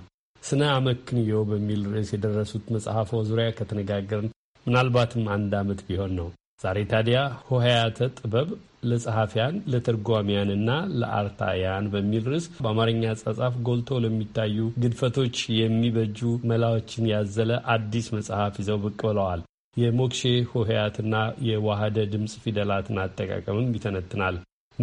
C: ስነ አመክንዮ በሚል ርዕስ የደረሱት መጽሐፎ ዙሪያ ከተነጋገርን ምናልባትም አንድ ዓመት ቢሆን ነው። ዛሬ ታዲያ ሆሄያተ ጥበብ ለጸሐፊያን ለተርጓሚያንና ለአርታያን በሚል ርዕስ በአማርኛ አጻጻፍ ጎልቶ ለሚታዩ ግድፈቶች የሚበጁ መላዎችን ያዘለ አዲስ መጽሐፍ ይዘው ብቅ ብለዋል። የሞክሼ ሆሄያትና የዋህደ ድምፅ ፊደላትን አጠቃቀምም ይተነትናል።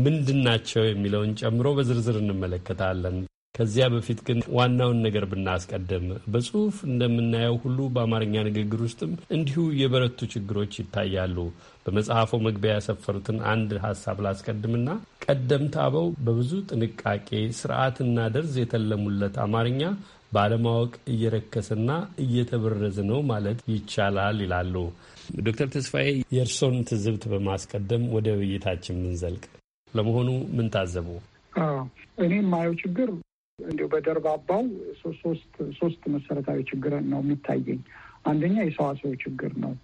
C: ምንድን ናቸው የሚለውን ጨምሮ በዝርዝር እንመለከታለን። ከዚያ በፊት ግን ዋናውን ነገር ብናስቀድም በጽሁፍ እንደምናየው ሁሉ በአማርኛ ንግግር ውስጥም እንዲሁ የበረቱ ችግሮች ይታያሉ። በመጽሐፉ መግቢያ ያሰፈሩትን አንድ ሀሳብ ላስቀድምና ቀደምት አበው በብዙ ጥንቃቄ ስርዓትና ደርዝ የተለሙለት አማርኛ ባለማወቅ እየረከሰና እየተበረዘ ነው ማለት ይቻላል ይላሉ ዶክተር ተስፋዬ። የእርሶን ትዝብት በማስቀደም ወደ ውይይታችን ምንዘልቅ፣ ለመሆኑ ምን ታዘቡ?
G: እኔ የማየው ችግር እንዲሁ በደርባባው ሶስት መሰረታዊ ችግር ነው የሚታየኝ። አንደኛ የሰዋሰው ችግር ነው።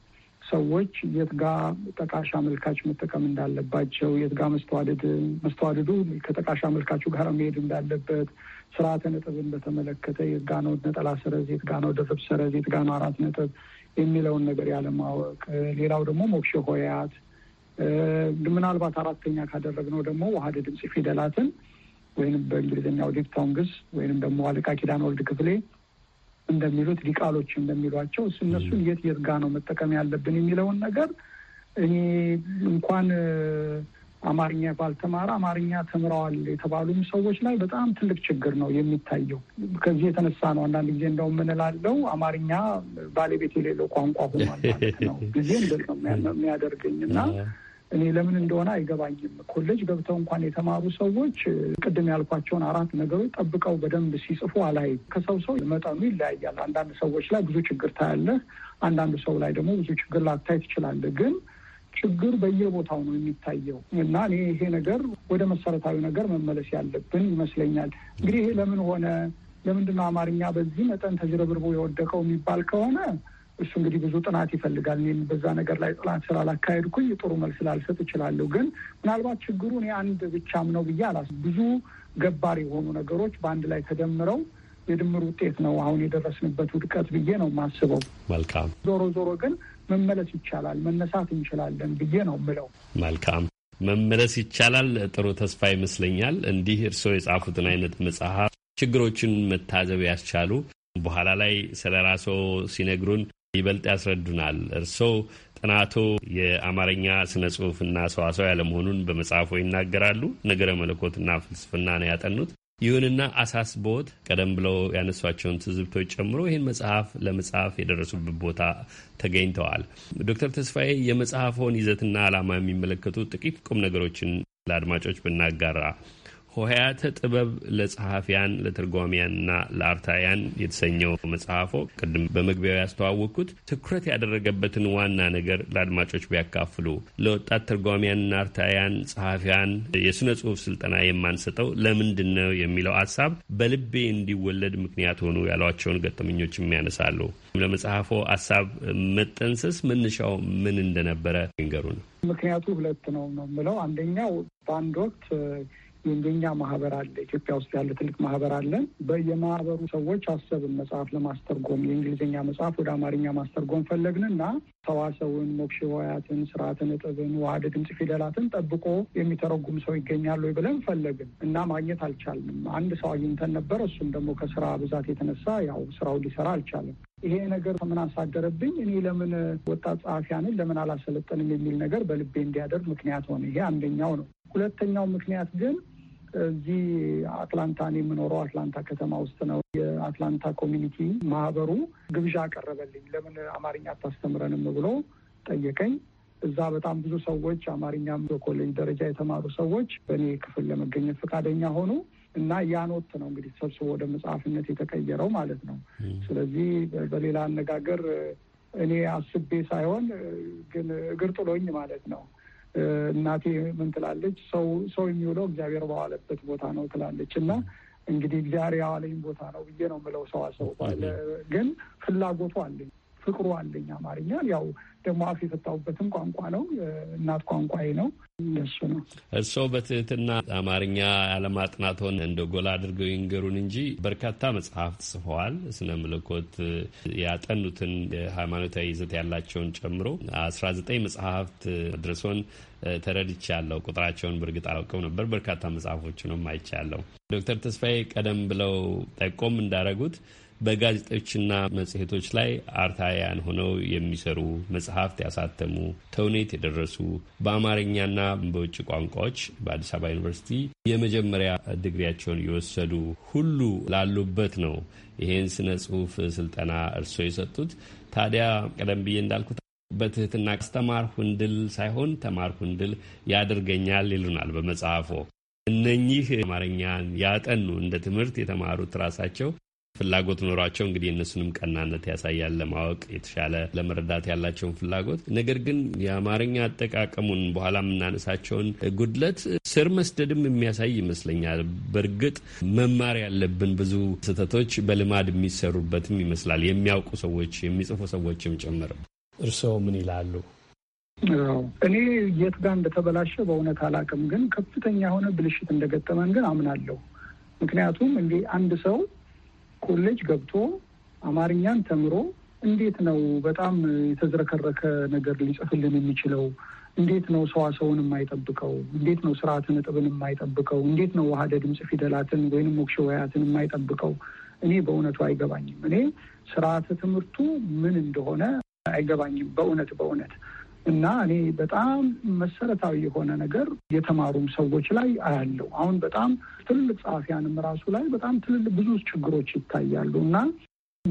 G: ሰዎች የት ጋ ጠቃሽ አመልካች መጠቀም እንዳለባቸው፣ የት ጋ መስተዋደድ መስተዋደዱ ከጠቃሽ አመልካቹ ጋር መሄድ እንዳለበት ስርዓተ ነጥብን በተመለከተ ነው ነጠላ ሰረዝ፣ ነው ድርብ ሰረዝ፣ ነው አራት ነጥብ የሚለውን ነገር ያለማወቅ፣ ሌላው ደግሞ ሞክሽ ሆያት ምናልባት አራተኛ ካደረግነው ደግሞ ዋህደ ድምፅ ፊደላትን ወይም በእንግሊዝኛው ዲፕቶንግስ ወይም ደግሞ አለቃ ኪዳን ወልድ ክፍሌ እንደሚሉት ሊቃሎች እንደሚሏቸው እነሱን የት የት ጋ ነው መጠቀም ያለብን የሚለውን ነገር እኔ እንኳን አማርኛ ባልተማረ አማርኛ ተምረዋል የተባሉም ሰዎች ላይ በጣም ትልቅ ችግር ነው የሚታየው። ከዚህ የተነሳ ነው አንዳንድ ጊዜ እንደው ምንላለው አማርኛ ባለቤት የሌለው ቋንቋ ሆኗል ማለት ነው። <laughs> ጊዜ እንደት ነው የሚያደርገኝ እና እኔ ለምን እንደሆነ አይገባኝም። ኮሌጅ ገብተው እንኳን የተማሩ ሰዎች ቅድም ያልኳቸውን አራት ነገሮች ጠብቀው በደንብ ሲጽፉ አላይ። ከሰው ሰው መጠኑ ይለያያል። አንዳንድ ሰዎች ላይ ብዙ ችግር ታያለህ፣ አንዳንዱ ሰው ላይ ደግሞ ብዙ ችግር ላታይ ትችላለህ ግን ችግር በየቦታው ነው የሚታየው እና እኔ ይሄ ነገር ወደ መሰረታዊ ነገር መመለስ ያለብን ይመስለኛል። እንግዲህ ይሄ ለምን ሆነ ለምንድነው አማርኛ በዚህ መጠን ተዝረብርቦ የወደቀው የሚባል ከሆነ እሱ እንግዲህ ብዙ ጥናት ይፈልጋል። እኔም በዛ ነገር ላይ ጥናት ስላላካሄድኩኝ ጥሩ መልስ ላልሰጥ እችላለሁ። ግን ምናልባት ችግሩ እኔ አንድ ብቻም ነው ብዬ አላስ ብዙ ገባር የሆኑ ነገሮች በአንድ ላይ ተደምረው የድምር ውጤት ነው አሁን የደረስንበት ውድቀት ብዬ ነው የማስበው። መልካም ዞሮ ዞሮ ግን መመለስ ይቻላል፣ መነሳት እንችላለን ብዬ ነው ምለው።
C: መልካም መመለስ ይቻላል ጥሩ ተስፋ ይመስለኛል። እንዲህ እርስዎ የጻፉትን አይነት መጽሐፍ ችግሮችን መታዘብ ያስቻሉ በኋላ ላይ ስለ ራስዎ ሲነግሩን ይበልጥ ያስረዱናል። እርስዎ ጥናቶ የአማርኛ ስነ ጽሁፍና ሰዋሰው ያለመሆኑን በመጽሐፎ ይናገራሉ። ነገረ መለኮትና ፍልስፍና ነው ያጠኑት። ይሁንና አሳስቦት ቀደም ብለው ያነሷቸውን ትዝብቶች ጨምሮ ይህን መጽሐፍ ለመጽሐፍ የደረሱበት ቦታ ተገኝተዋል። ዶክተር ተስፋዬ የመጽሐፎን ይዘትና ዓላማ የሚመለከቱ ጥቂት ቁም ነገሮችን ለአድማጮች ብናጋራ ሆሄያተ ጥበብ ለጸሐፊያን ለተርጓሚያንና ለአርታያን የተሰኘው መጽሐፎ ቅድም በመግቢያው ያስተዋወቅኩት ትኩረት ያደረገበትን ዋና ነገር ለአድማጮች ቢያካፍሉ ለወጣት ተርጓሚያንና አርታያን ጸሐፊያን የሥነ ጽሑፍ ስልጠና የማንሰጠው ለምንድን ነው የሚለው ሀሳብ በልቤ እንዲወለድ ምክንያት ሆኑ ያሏቸውን ገጠመኞችም ያነሳሉ። ለመጽሐፎ ሀሳብ መጠንሰስ መነሻው ምን እንደነበረ ይንገሩ ነው።
G: ምክንያቱ ሁለት ነው ነው የምለው አንደኛው በአንድ ወቅት የእንደኛ ማህበር አለ ኢትዮጵያ ውስጥ ያለ ትልቅ ማህበር አለን። በየማህበሩ ሰዎች አሰብን መጽሐፍ ለማስተርጎም የእንግሊዝኛ መጽሐፍ ወደ አማርኛ ማስተርጎም ፈለግንና ሰዋሰውን፣ ሞክሼ ሕዋያትን፣ ስርዓትን፣ እጥብን፣ ዋህደ ድምፅ ፊደላትን ጠብቆ የሚተረጉም ሰው ይገኛሉ ወይ ብለን ፈለግን እና ማግኘት አልቻልንም። አንድ ሰው አግኝተን ነበር። እሱም ደግሞ ከስራ ብዛት የተነሳ ያው ስራው ሊሰራ አልቻለም። ይሄ ነገር ከምን አሳደረብኝ? እኔ ለምን ወጣት ጸሐፊያንን ለምን አላሰለጠንም የሚል ነገር በልቤ እንዲያደርግ ምክንያት ሆነ። ይሄ አንደኛው ነው። ሁለተኛው ምክንያት ግን እዚህ አትላንታ እኔ የምኖረው አትላንታ ከተማ ውስጥ ነው። የአትላንታ ኮሚኒቲ ማህበሩ ግብዣ አቀረበልኝ። ለምን አማርኛ አታስተምረንም ብሎ ጠየቀኝ። እዛ በጣም ብዙ ሰዎች አማርኛም በኮሌጅ ደረጃ የተማሩ ሰዎች በእኔ ክፍል ለመገኘት ፈቃደኛ ሆኑ እና ያኖት ነው እንግዲህ ሰብስቦ ወደ መጽሐፍነት የተቀየረው ማለት ነው። ስለዚህ በሌላ አነጋገር እኔ አስቤ ሳይሆን ግን እግር ጥሎኝ ማለት ነው እናቴ ምን ትላለች? ሰው ሰው የሚውለው እግዚአብሔር በዋለበት ቦታ ነው ትላለች እና እንግዲህ እግዚአብሔር ያዋለኝ ቦታ ነው ብዬ ነው የምለው። ሰዋሰው ሰው ግን ፍላጎቱ አለኝ ፍቅሩ አለኝ አማርኛ። ያው ደግሞ አፍ የፈታሁበትም ቋንቋ ነው፣ እናት ቋንቋዬ ነው። እሱ ነው።
C: እርስዎ በትህትና አማርኛ ያለማጥናትዎን እንደ ጎላ አድርገው ይንገሩን እንጂ በርካታ መጽሐፍ ጽፈዋል። ስነ ምልኮት ያጠኑትን ሃይማኖታዊ ይዘት ያላቸውን ጨምሮ አስራ ዘጠኝ መጽሐፍት መድረሶን ተረድቻ ያለው ቁጥራቸውን በእርግጥ አላውቅም ነበር። በርካታ መጽሐፎችንም አይቻለሁ። ዶክተር ተስፋዬ ቀደም ብለው ጠቆም እንዳረጉት በጋዜጦችና መጽሔቶች ላይ አርታያን ሆነው የሚሰሩ መጽሐፍት ያሳተሙ ተውኔት የደረሱ በአማርኛና በውጭ ቋንቋዎች በአዲስ አበባ ዩኒቨርሲቲ የመጀመሪያ ድግሪያቸውን የወሰዱ ሁሉ ላሉበት ነው ይሄን ስነ ጽሁፍ ስልጠና እርስዎ የሰጡት። ታዲያ ቀደም ብዬ እንዳልኩት በትህትና አስተማርሁ እንድል ሳይሆን ተማርሁ እንድል ያደርገኛል ይሉናል በመጽሐፎ። እነኚህ አማርኛን ያጠኑ እንደ ትምህርት የተማሩት ራሳቸው ፍላጎት ኖሯቸው እንግዲህ እነሱንም ቀናነት ያሳያል ለማወቅ የተሻለ ለመረዳት ያላቸውን ፍላጎት። ነገር ግን የአማርኛ አጠቃቀሙን በኋላ የምናነሳቸውን ጉድለት ስር መስደድም የሚያሳይ ይመስለኛል። በእርግጥ መማር ያለብን ብዙ ስህተቶች በልማድ የሚሰሩበትም ይመስላል የሚያውቁ ሰዎች የሚጽፉ ሰዎችም ጭምር። እርስዎ ምን ይላሉ?
G: እኔ የት ጋር እንደተበላሸ በእውነት አላውቅም፣ ግን ከፍተኛ የሆነ ብልሽት እንደገጠመን ግን አምናለሁ። ምክንያቱም እንዲህ አንድ ሰው ኮሌጅ ገብቶ አማርኛን ተምሮ እንዴት ነው በጣም የተዝረከረከ ነገር ሊጽፍልን የሚችለው? እንዴት ነው ሰዋሰውን የማይጠብቀው? እንዴት ነው ስርዓተ ነጥብን የማይጠብቀው? እንዴት ነው ዋህደ ድምፅ ፊደላትን ወይንም ሞክሼ ወያትን የማይጠብቀው? እኔ በእውነቱ አይገባኝም። እኔ ስርዓተ ትምህርቱ ምን እንደሆነ አይገባኝም። በእውነት በእውነት እና እኔ በጣም መሰረታዊ የሆነ ነገር የተማሩም ሰዎች ላይ አያለው። አሁን በጣም ትልልቅ ጸሐፊያንም ራሱ ላይ በጣም ትልልቅ ብዙ ችግሮች ይታያሉ እና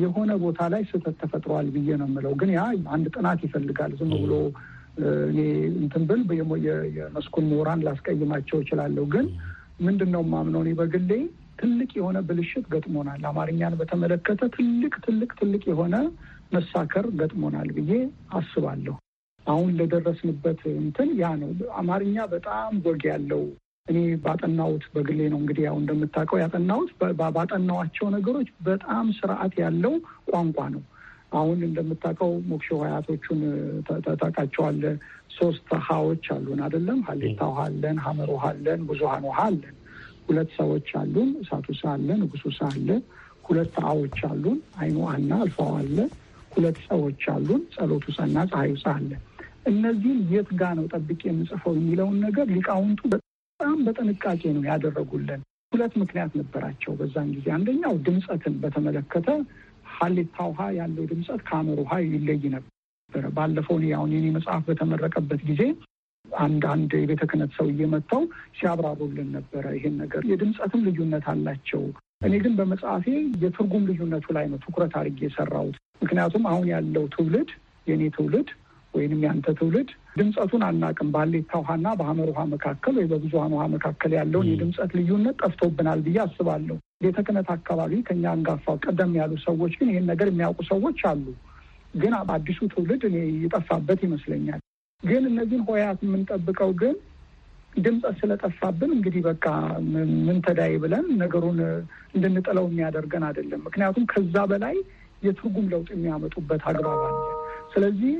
G: የሆነ ቦታ ላይ ስህተት ተፈጥሯል ብዬ ነው የምለው። ግን ያ አንድ ጥናት ይፈልጋል። ዝም ብሎ እኔ እንትን ብል የመስኩን ምሁራን ላስቀይማቸው እችላለሁ። ግን ምንድን ነው የማምነው እኔ በግሌ ትልቅ የሆነ ብልሽት ገጥሞናል። አማርኛን በተመለከተ ትልቅ ትልቅ ትልቅ የሆነ መሳከር ገጥሞናል ብዬ አስባለሁ። አሁን ለደረስንበት እንትን ያ ነው። አማርኛ በጣም ወግ ያለው እኔ ባጠናሁት በግሌ ነው እንግዲህ ያው እንደምታውቀው ያጠናሁት ባጠናዋቸው ነገሮች በጣም ስርዓት ያለው ቋንቋ ነው። አሁን እንደምታውቀው ሞክሾ ሀያቶቹን ተጠቃቸዋለ ሶስት ሀዎች አሉን አይደለም? ሀሌታ ውሃ አለን፣ ሀመር ውሃ አለን፣ ብዙሀን ውሃ አለን። ሁለት ሰዎች አሉን፣ እሳቱ ሳ አለ፣ ንጉሱ ሳ አለ። ሁለት አዎች አሉን፣ አይኑ አና አልፋው አለ። ሁለት ሰዎች አሉን፣ ጸሎቱ ሳና ፀሐዩ ሳ አለ። እነዚህም የት ጋ ነው ጠብቅ የምጽፈው የሚለውን ነገር ሊቃውንቱ በጣም በጥንቃቄ ነው ያደረጉልን። ሁለት ምክንያት ነበራቸው በዛን ጊዜ። አንደኛው ድምፀትን በተመለከተ ሀሌታ ውሃ ያለው ድምፀት ከአመር ውሃ ይለይ ነበረ። ባለፈው አሁን የኔ መጽሐፍ በተመረቀበት ጊዜ አንድ አንድ የቤተ ክህነት ሰው እየመጥተው ሲያብራሩልን ነበረ ይሄን ነገር። የድምፀትም ልዩነት አላቸው። እኔ ግን በመጽሐፌ የትርጉም ልዩነቱ ላይ ነው ትኩረት አድርጌ የሰራሁት። ምክንያቱም አሁን ያለው ትውልድ የእኔ ትውልድ ወይንም ያንተ ትውልድ ድምፀቱን አናቅም። ባሌታ ውሃና በሀመር ውሃ መካከል ወይ በብዙሀን ውሃ መካከል ያለውን የድምፀት ልዩነት ጠፍቶብናል ብዬ አስባለሁ። ቤተ ክህነት አካባቢ ከኛ አንጋፋ ቀደም ያሉ ሰዎች ግን ይህን ነገር የሚያውቁ ሰዎች አሉ። ግን አዲሱ ትውልድ እኔ ይጠፋበት ይመስለኛል። ግን እነዚህን ሆያት የምንጠብቀው ግን ድምፀት ስለጠፋብን እንግዲህ በቃ ምን ተዳይ ብለን ነገሩን እንድንጥለው የሚያደርገን አይደለም። ምክንያቱም ከዛ በላይ የትርጉም ለውጥ የሚያመጡበት አግባብ አለ። ስለዚህ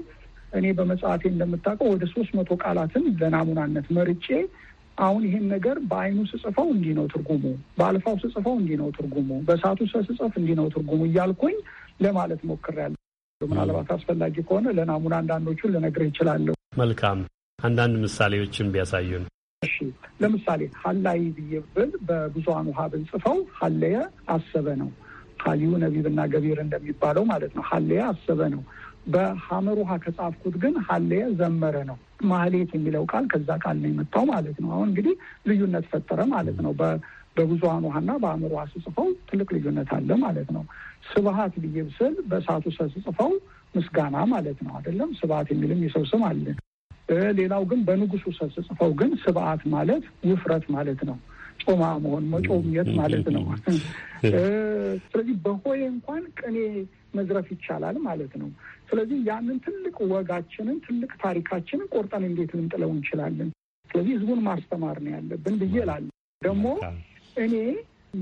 G: እኔ በመጽሐፌ እንደምታውቀው ወደ ሶስት መቶ ቃላትን ለናሙናነት መርጬ አሁን ይህን ነገር በአይኑ ስጽፈው እንዲህ ነው ትርጉሙ፣ በአልፋው ስጽፈው እንዲህ ነው ትርጉሙ፣ በእሳቱ ስጽፍ እንዲህ ነው ትርጉሙ እያልኩኝ ለማለት ሞክሬያለሁ። ምናልባት አስፈላጊ ከሆነ ለናሙና አንዳንዶቹን ልነግርህ እችላለሁ።
C: መልካም፣ አንዳንድ ምሳሌዎችን ቢያሳዩን።
G: እሺ፣ ለምሳሌ ሀላይ ብዬብል ብል ውሃ ብንጽፈው ሀለየ አሰበ ነው። ሀሊዩ ነቢብና ገቢር እንደሚባለው ማለት ነው። ሀለየ አሰበ ነው። በሐመር ውሃ ከጻፍኩት ግን ሀሌ ዘመረ ነው። ማህሌት የሚለው ቃል ከዛ ቃል ነው የመጣው ማለት ነው። አሁን እንግዲህ ልዩነት ፈጠረ ማለት ነው። በብዙሀን ውሃና በሐመር ውሃ ስጽፈው ትልቅ ልዩነት አለ ማለት ነው። ስብሀት ብዬ ብስል በእሳቱ ስጽፈው ምስጋና ማለት ነው አይደለም። ስብሀት የሚልም የሰው ስም አለ። ሌላው ግን በንጉሱ ስጽፈው ግን ስብአት ማለት ውፍረት ማለት ነው። ጮማ መሆን መጮምየት ማለት ነው። ስለዚህ በሆዬ እንኳን ቅኔ መዝረፍ ይቻላል ማለት ነው። ስለዚህ ያንን ትልቅ ወጋችንን ትልቅ ታሪካችንን ቆርጠን እንዴት ልንጥለው እንችላለን? ስለዚህ ህዝቡን ማስተማር ነው ያለብን ብዬ ላለ ደግሞ እኔ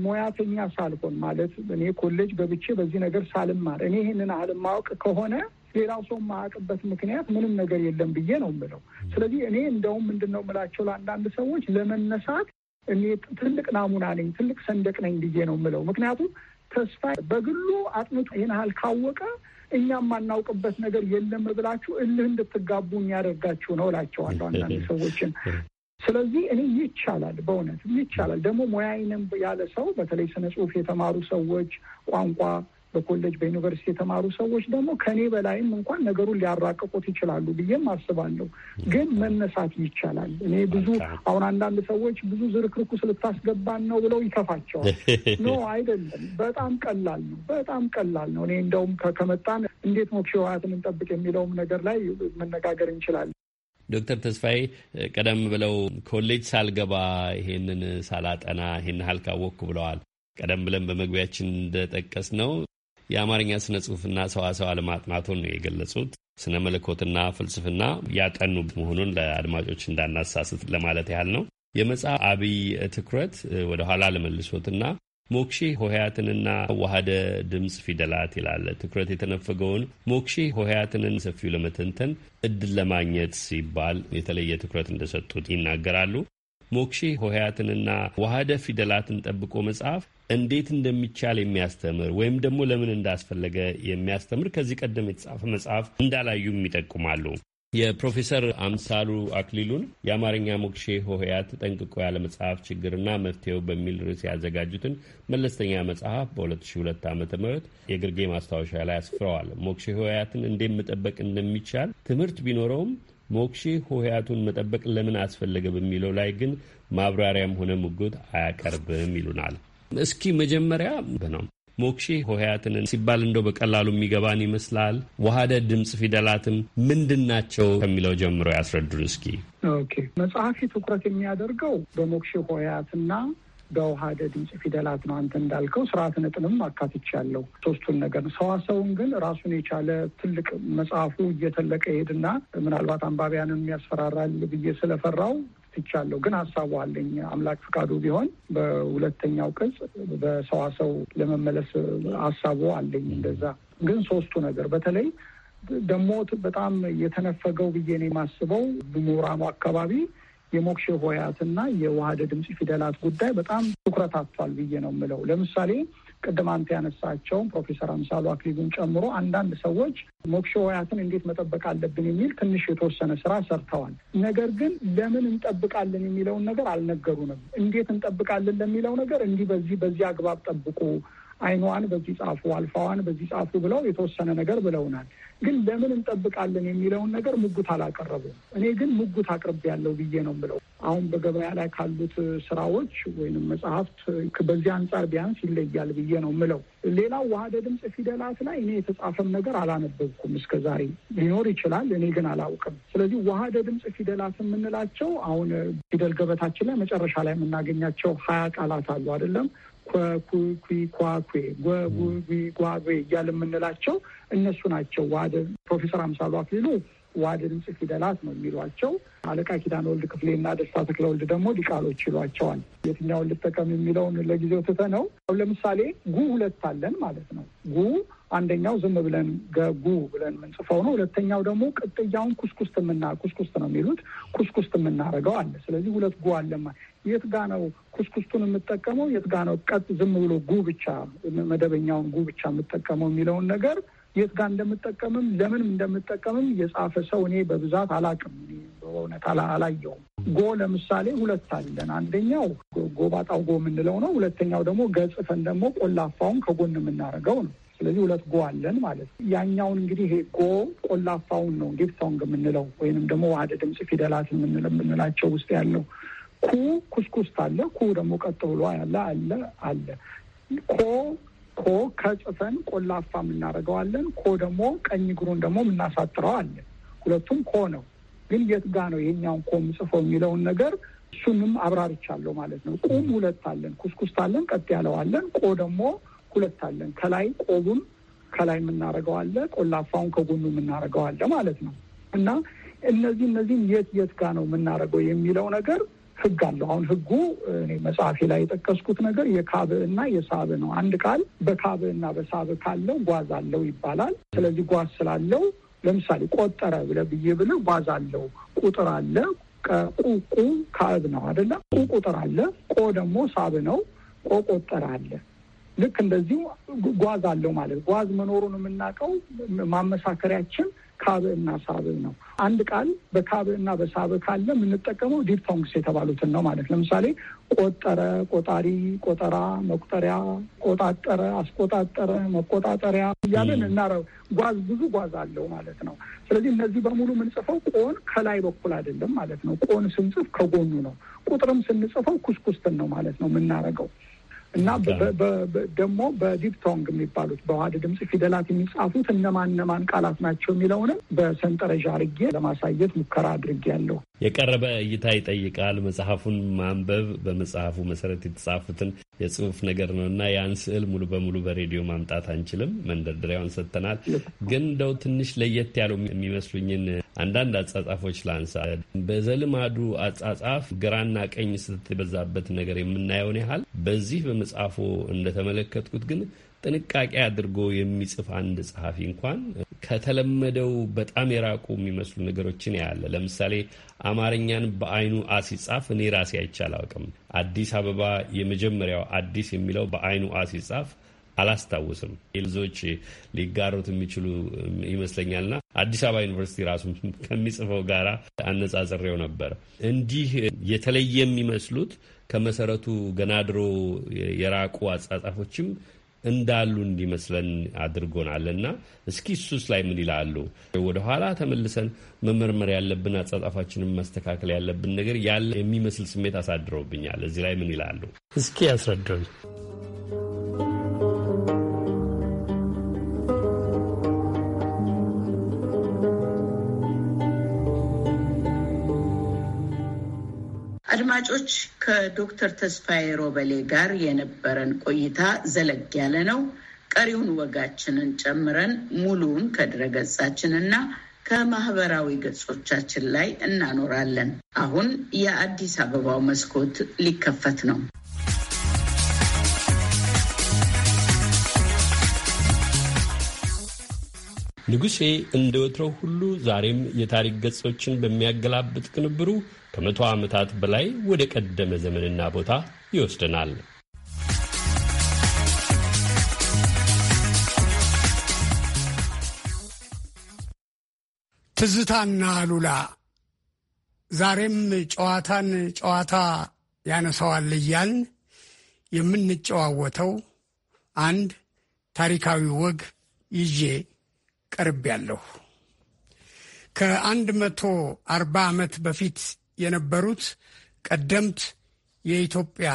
G: ሙያተኛ ሳልሆን ማለት እኔ ኮሌጅ በብቼ በዚህ ነገር ሳልማር እኔ ይህንን አልማወቅ ከሆነ ሌላው ሰው የማያውቅበት ምክንያት ምንም ነገር የለም ብዬ ነው የምለው። ስለዚህ እኔ እንደውም ምንድን ነው የምላቸው ለአንዳንድ ሰዎች ለመነሳት እኔ ትልቅ ናሙና ነኝ፣ ትልቅ ሰንደቅ ነኝ ብዬ ነው ምለው ምክንያቱም ተስፋ በግሉ አጥንቶ ይህን ያህል ካወቀ እኛ የማናውቅበት ነገር የለም ብላችሁ እልህ እንድትጋቡ የሚያደርጋችሁ ነው እላቸዋለሁ አንዳንድ ሰዎችን። ስለዚህ እኔ ይቻላል፣ በእውነት ይቻላል። ደግሞ ሙያዬንም ያለ ሰው በተለይ ስነ ጽሁፍ የተማሩ ሰዎች ቋንቋ በኮሌጅ በዩኒቨርሲቲ የተማሩ ሰዎች ደግሞ ከኔ በላይም እንኳን ነገሩን ሊያራቅቁት ይችላሉ ብዬም አስባለሁ። ግን መነሳት ይቻላል። እኔ ብዙ አሁን አንዳንድ ሰዎች ብዙ ዝርክርኩስ ልታስገባን ነው ብለው ይከፋቸዋል። <laughs> ኖ አይደለም፣ በጣም ቀላል ነው። በጣም ቀላል ነው። እኔ እንደውም ከመጣን እንዴት ሞክሼ ህወሓትን እንጠብቅ የሚለውም ነገር ላይ መነጋገር እንችላለን።
C: ዶክተር ተስፋዬ ቀደም ብለው ኮሌጅ ሳልገባ ይሄንን ሳላጠና ይሄን ያህል ካወቅኩ ብለዋል። ቀደም ብለን በመግቢያችን እንደጠቀስ ነው የአማርኛ ስነ ጽሁፍና ሰዋሰዋ ለማጥናቶን ነው የገለጹት። ስነ መለኮትና ፍልስፍና ያጠኑ መሆኑን ለአድማጮች እንዳናሳስት ለማለት ያህል ነው። የመጽሐፍ አብይ ትኩረት ወደ ኋላ ለመልሶትና ሞክሼ ሆሄያትንና ዋሃደ ድምፅ ፊደላት ይላለ ትኩረት የተነፈገውን ሞክሼ ሆሄያትንን ሰፊው ለመተንተን እድል ለማግኘት ሲባል የተለየ ትኩረት እንደሰጡት ይናገራሉ። ሞክሼ ሆሄያትንና ዋሃደ ፊደላትን ጠብቆ መጽሐፍ እንዴት እንደሚቻል የሚያስተምር ወይም ደግሞ ለምን እንዳስፈለገ የሚያስተምር ከዚህ ቀደም የተጻፈ መጽሐፍ እንዳላዩም ይጠቁማሉ። የፕሮፌሰር አምሳሉ አክሊሉን የአማርኛ ሞክሼ ሆሄያት ጠንቅቆ ያለ መጽሐፍ ችግርና መፍትሄው በሚል ርዕስ ያዘጋጁትን መለስተኛ መጽሐፍ በ2002 ዓ ም የግርጌ ማስታወሻ ላይ አስፍረዋል። ሞክሼ ሆሄያትን እንዴት መጠበቅ እንደሚቻል ትምህርት ቢኖረውም ሞክሼ ሆሄያቱን መጠበቅ ለምን አስፈለገ በሚለው ላይ ግን ማብራሪያም ሆነ ሙግት አያቀርብም ይሉናል። እስኪ መጀመሪያ ነው ሞክሼ ሆሄያትን ሲባል እንደው በቀላሉ የሚገባን ይመስላል። ዋሃደ ድምፅ ፊደላትም ምንድን ናቸው ከሚለው ጀምሮ ያስረዱን እስኪ።
G: ኦኬ መጽሐፊ ትኩረት የሚያደርገው በሞክሼ ሆሄያትና በውሃደ ድምፅ ፊደላት ነው። አንተ እንዳልከው ስርዓት ነጥንም አካትቻለሁ ሶስቱን ነገር ነው። ሰዋሰውን ግን ራሱን የቻለ ትልቅ መጽሐፉ እየተለቀ ይሄድና ምናልባት አንባቢያንን ያስፈራራል ብዬ ስለፈራው ትቻለሁ። ግን ሀሳቡ አለኝ። አምላክ ፍቃዱ ቢሆን በሁለተኛው ቅጽ በሰዋሰው ለመመለስ ሀሳቡ አለኝ። እንደዛ ግን ሶስቱ ነገር በተለይ ደግሞ በጣም የተነፈገው ብዬ ነው የማስበው ምሁራኑ አካባቢ የሞክሼ ሆያትና የዋህደ ድምፅ ፊደላት ጉዳይ በጣም ትኩረት አጥቷል ብዬ ነው የምለው። ለምሳሌ ቅድም አንተ ፕሮፌሰር አምሳሉ አክሊሉን ጨምሮ አንዳንድ ሰዎች ሞክሼ ወያትን እንዴት መጠበቅ አለብን የሚል ትንሽ የተወሰነ ስራ ሰርተዋል። ነገር ግን ለምን እንጠብቃለን የሚለውን ነገር አልነገሩንም። እንዴት እንጠብቃለን ለሚለው ነገር እንዲህ በዚህ በዚህ አግባብ ጠብቁ አይኗዋን በዚህ ጻፉ፣ አልፋዋን በዚህ ጻፉ ብለው የተወሰነ ነገር ብለውናል። ግን ለምን እንጠብቃለን የሚለውን ነገር ሙግት አላቀረቡም። እኔ ግን ሙግት ያለው ብዬ ነው ብለው አሁን በገበያ ላይ ካሉት ስራዎች ወይም መጽሐፍት በዚህ አንጻር ቢያንስ ይለያል ብዬ ነው ምለው። ሌላው ዋህደ ድምፅ ፊደላት ላይ እኔ የተጻፈም ነገር አላነበብኩም እስከ ዛሬ። ሊኖር ይችላል፣ እኔ ግን አላውቅም። ስለዚህ ዋህደ ድምፅ ፊደላት የምንላቸው አሁን ፊደል ገበታችን ላይ መጨረሻ ላይ የምናገኛቸው ሀያ ቃላት አሉ አይደለም ኳኩኩኳኩ ጓጉ እያል የምንላቸው እነሱ ናቸው። ዋደ ፕሮፌሰር አምሳሉ አክሊሉ ዋድን ድምፅ ፊደላት ነው የሚሏቸው። አለቃ ኪዳን ወልድ ክፍሌና ደስታ ተክለ ወልድ ደግሞ ሊቃሎች ይሏቸዋል። የትኛውን ልጠቀም የሚለውን ለጊዜው ትተ ነው። ለምሳሌ ጉ ሁለት አለን ማለት ነው። ጉ አንደኛው ዝም ብለን ገጉ ብለን የምንጽፈው ነው። ሁለተኛው ደግሞ ቅጥያውን ኩስኩስት የምና ኩስኩስት ነው የሚሉት ኩስኩስት የምናደርገው አለ። ስለዚህ ሁለት ጉ አለማ። የት ጋ ነው ኩስኩስቱን የምጠቀመው? የት ጋ ነው ቀጥ ዝም ብሎ ጉ ብቻ መደበኛውን ጉ ብቻ የምጠቀመው የሚለውን ነገር የት ጋር እንደምጠቀምም ለምን እንደምጠቀምም የጻፈ ሰው እኔ በብዛት አላቅም። በእውነት አላየውም። ጎ ለምሳሌ ሁለት አለን። አንደኛው ጎባጣው ጎ የምንለው ነው። ሁለተኛው ደግሞ ገጽፈን ደግሞ ቆላፋውን ከጎን የምናደርገው ነው። ስለዚህ ሁለት ጎ አለን ማለት ነው። ያኛውን እንግዲህ ጎ ቆላፋውን ነው ዲፕታንግ የምንለው ወይንም ደግሞ ዋደ ድምፅ ፊደላት የምንላቸው ውስጥ ያለው ኩ ኩስኩስት አለ። ኩ ደግሞ ቀጥ ብሎ ያለ አለ አለ። ኮ ኮ ከጽፈን ቆላፋ የምናደርገዋለን። ኮ ደግሞ ቀኝ እግሩን ደግሞ የምናሳጥረው አለ። ሁለቱም ኮ ነው። ግን የት ጋ ነው የኛውን ኮ ምጽፎ የሚለውን ነገር እሱንም አብራርቻለሁ ማለት ነው። ቁም ሁለት አለን፣ ኩስኩስት አለን፣ ቀጥ ያለዋለን። ቆ ደግሞ ሁለት አለን። ከላይ ቆቡን ከላይ የምናደርገው አለ፣ ቆላፋውን ከጎኑ የምናደርገው አለ ማለት ነው እና እነዚህ እነዚህም የት የት ጋ ነው የምናደርገው የሚለው ነገር ህግ አለው። አሁን ህጉ እኔ መጽሐፌ ላይ የጠቀስኩት ነገር የካብ እና የሳብ ነው። አንድ ቃል በካብ እና በሳብ ካለው ጓዝ አለው ይባላል። ስለዚህ ጓዝ ስላለው ለምሳሌ ቆጠረ ብለ ብዬ ብለ ጓዝ አለው፣ ቁጥር አለ። ቁቁ ካብ ነው አደለ? ቁ ቁጥር አለ። ቆ ደግሞ ሳብ ነው። ቆ ቆጠረ አለ። ልክ እንደዚሁ ጓዝ አለው ማለት ጓዝ መኖሩን የምናውቀው ማመሳከሪያችን ካብ እና ሳብ ነው። አንድ ቃል በካብ እና በሳብ ካለ የምንጠቀመው ዲፕቶንግስ የተባሉትን ነው ማለት ለምሳሌ ቆጠረ፣ ቆጣሪ፣ ቆጠራ፣ መቁጠሪያ፣ ቆጣጠረ፣ አስቆጣጠረ፣ መቆጣጠሪያ እያለን እና ጓዝ ብዙ ጓዝ አለው ማለት ነው። ስለዚህ እነዚህ በሙሉ የምንጽፈው ቆን ከላይ በኩል አይደለም ማለት ነው። ቆን ስንጽፍ ከጎኑ ነው። ቁጥርም ስንጽፈው ኩስኩስትን ነው ማለት ነው የምናረገው እና ደግሞ በዲፕቶንግ የሚባሉት በዋህድ ድምፅ ፊደላት የሚጻፉት እነማን እነማን ቃላት ናቸው የሚለውንም በሰንጠረዣ አድርጌ ለማሳየት ሙከራ አድርጌ ያለው
C: የቀረበ እይታ ይጠይቃል። መጽሐፉን ማንበብ በመጽሐፉ መሰረት የተጻፉትን የጽሁፍ ነገር ነው እና ያን ስዕል ሙሉ በሙሉ በሬዲዮ ማምጣት አንችልም። መንደርደሪያውን ሰጥተናል። ግን እንደው ትንሽ ለየት ያሉ የሚመስሉኝን አንዳንድ አጻጻፎች ላንሳ። በዘልማዱ አጻጻፍ ግራና ቀኝ ስትበዛበት ነገር የምናየውን ያህል በዚህ ከመጽሐፎ እንደተመለከትኩት ግን ጥንቃቄ አድርጎ የሚጽፍ አንድ ጸሐፊ እንኳን ከተለመደው በጣም የራቁ የሚመስሉ ነገሮችን ያለ። ለምሳሌ አማርኛን በአይኑ አ ሲጻፍ እኔ ራሴ አይቻላውቅም አዲስ አበባ የመጀመሪያው አዲስ የሚለው በአይኑ አ ሲጻፍ አላስታውስም። ልዞች ሊጋሩት የሚችሉ ይመስለኛልና አዲስ አበባ ዩኒቨርሲቲ ራሱ ከሚጽፈው ጋራ አነጻጽሬው ነበር። እንዲህ የተለየ የሚመስሉት ከመሰረቱ ገና ድሮ የራቁ አጻጻፎችም እንዳሉ እንዲመስለን አድርጎናል። እስኪ እሱስ ላይ ምን ይላሉ? ወደኋላ ተመልሰን መመርመር ያለብን አጻጻፋችንን ማስተካከል ያለብን ነገር ያለ የሚመስል ስሜት አሳድረውብኛል። እዚህ ላይ ምን ይላሉ? እስኪ ያስረዱኝ።
B: አድማጮች ከዶክተር ተስፋዬ ሮበሌ ጋር የነበረን ቆይታ ዘለግ ያለ ነው። ቀሪውን ወጋችንን ጨምረን ሙሉውን ከድረገጻችንና ከማህበራዊ ገጾቻችን ላይ እናኖራለን። አሁን የአዲስ አበባው መስኮት ሊከፈት ነው።
C: ንጉሴ እንደ ወትረው ሁሉ ዛሬም የታሪክ ገጾችን በሚያገላብጥ ቅንብሩ ከመቶ ዓመታት በላይ ወደ ቀደመ ዘመንና ቦታ ይወስደናል።
A: ትዝታና አሉላ ዛሬም ጨዋታን ጨዋታ ያነሰዋል እያልን የምንጨዋወተው አንድ ታሪካዊ ወግ ይዤ ቀርብ ያለሁ ከአንድ መቶ አርባ ዓመት በፊት የነበሩት ቀደምት የኢትዮጵያ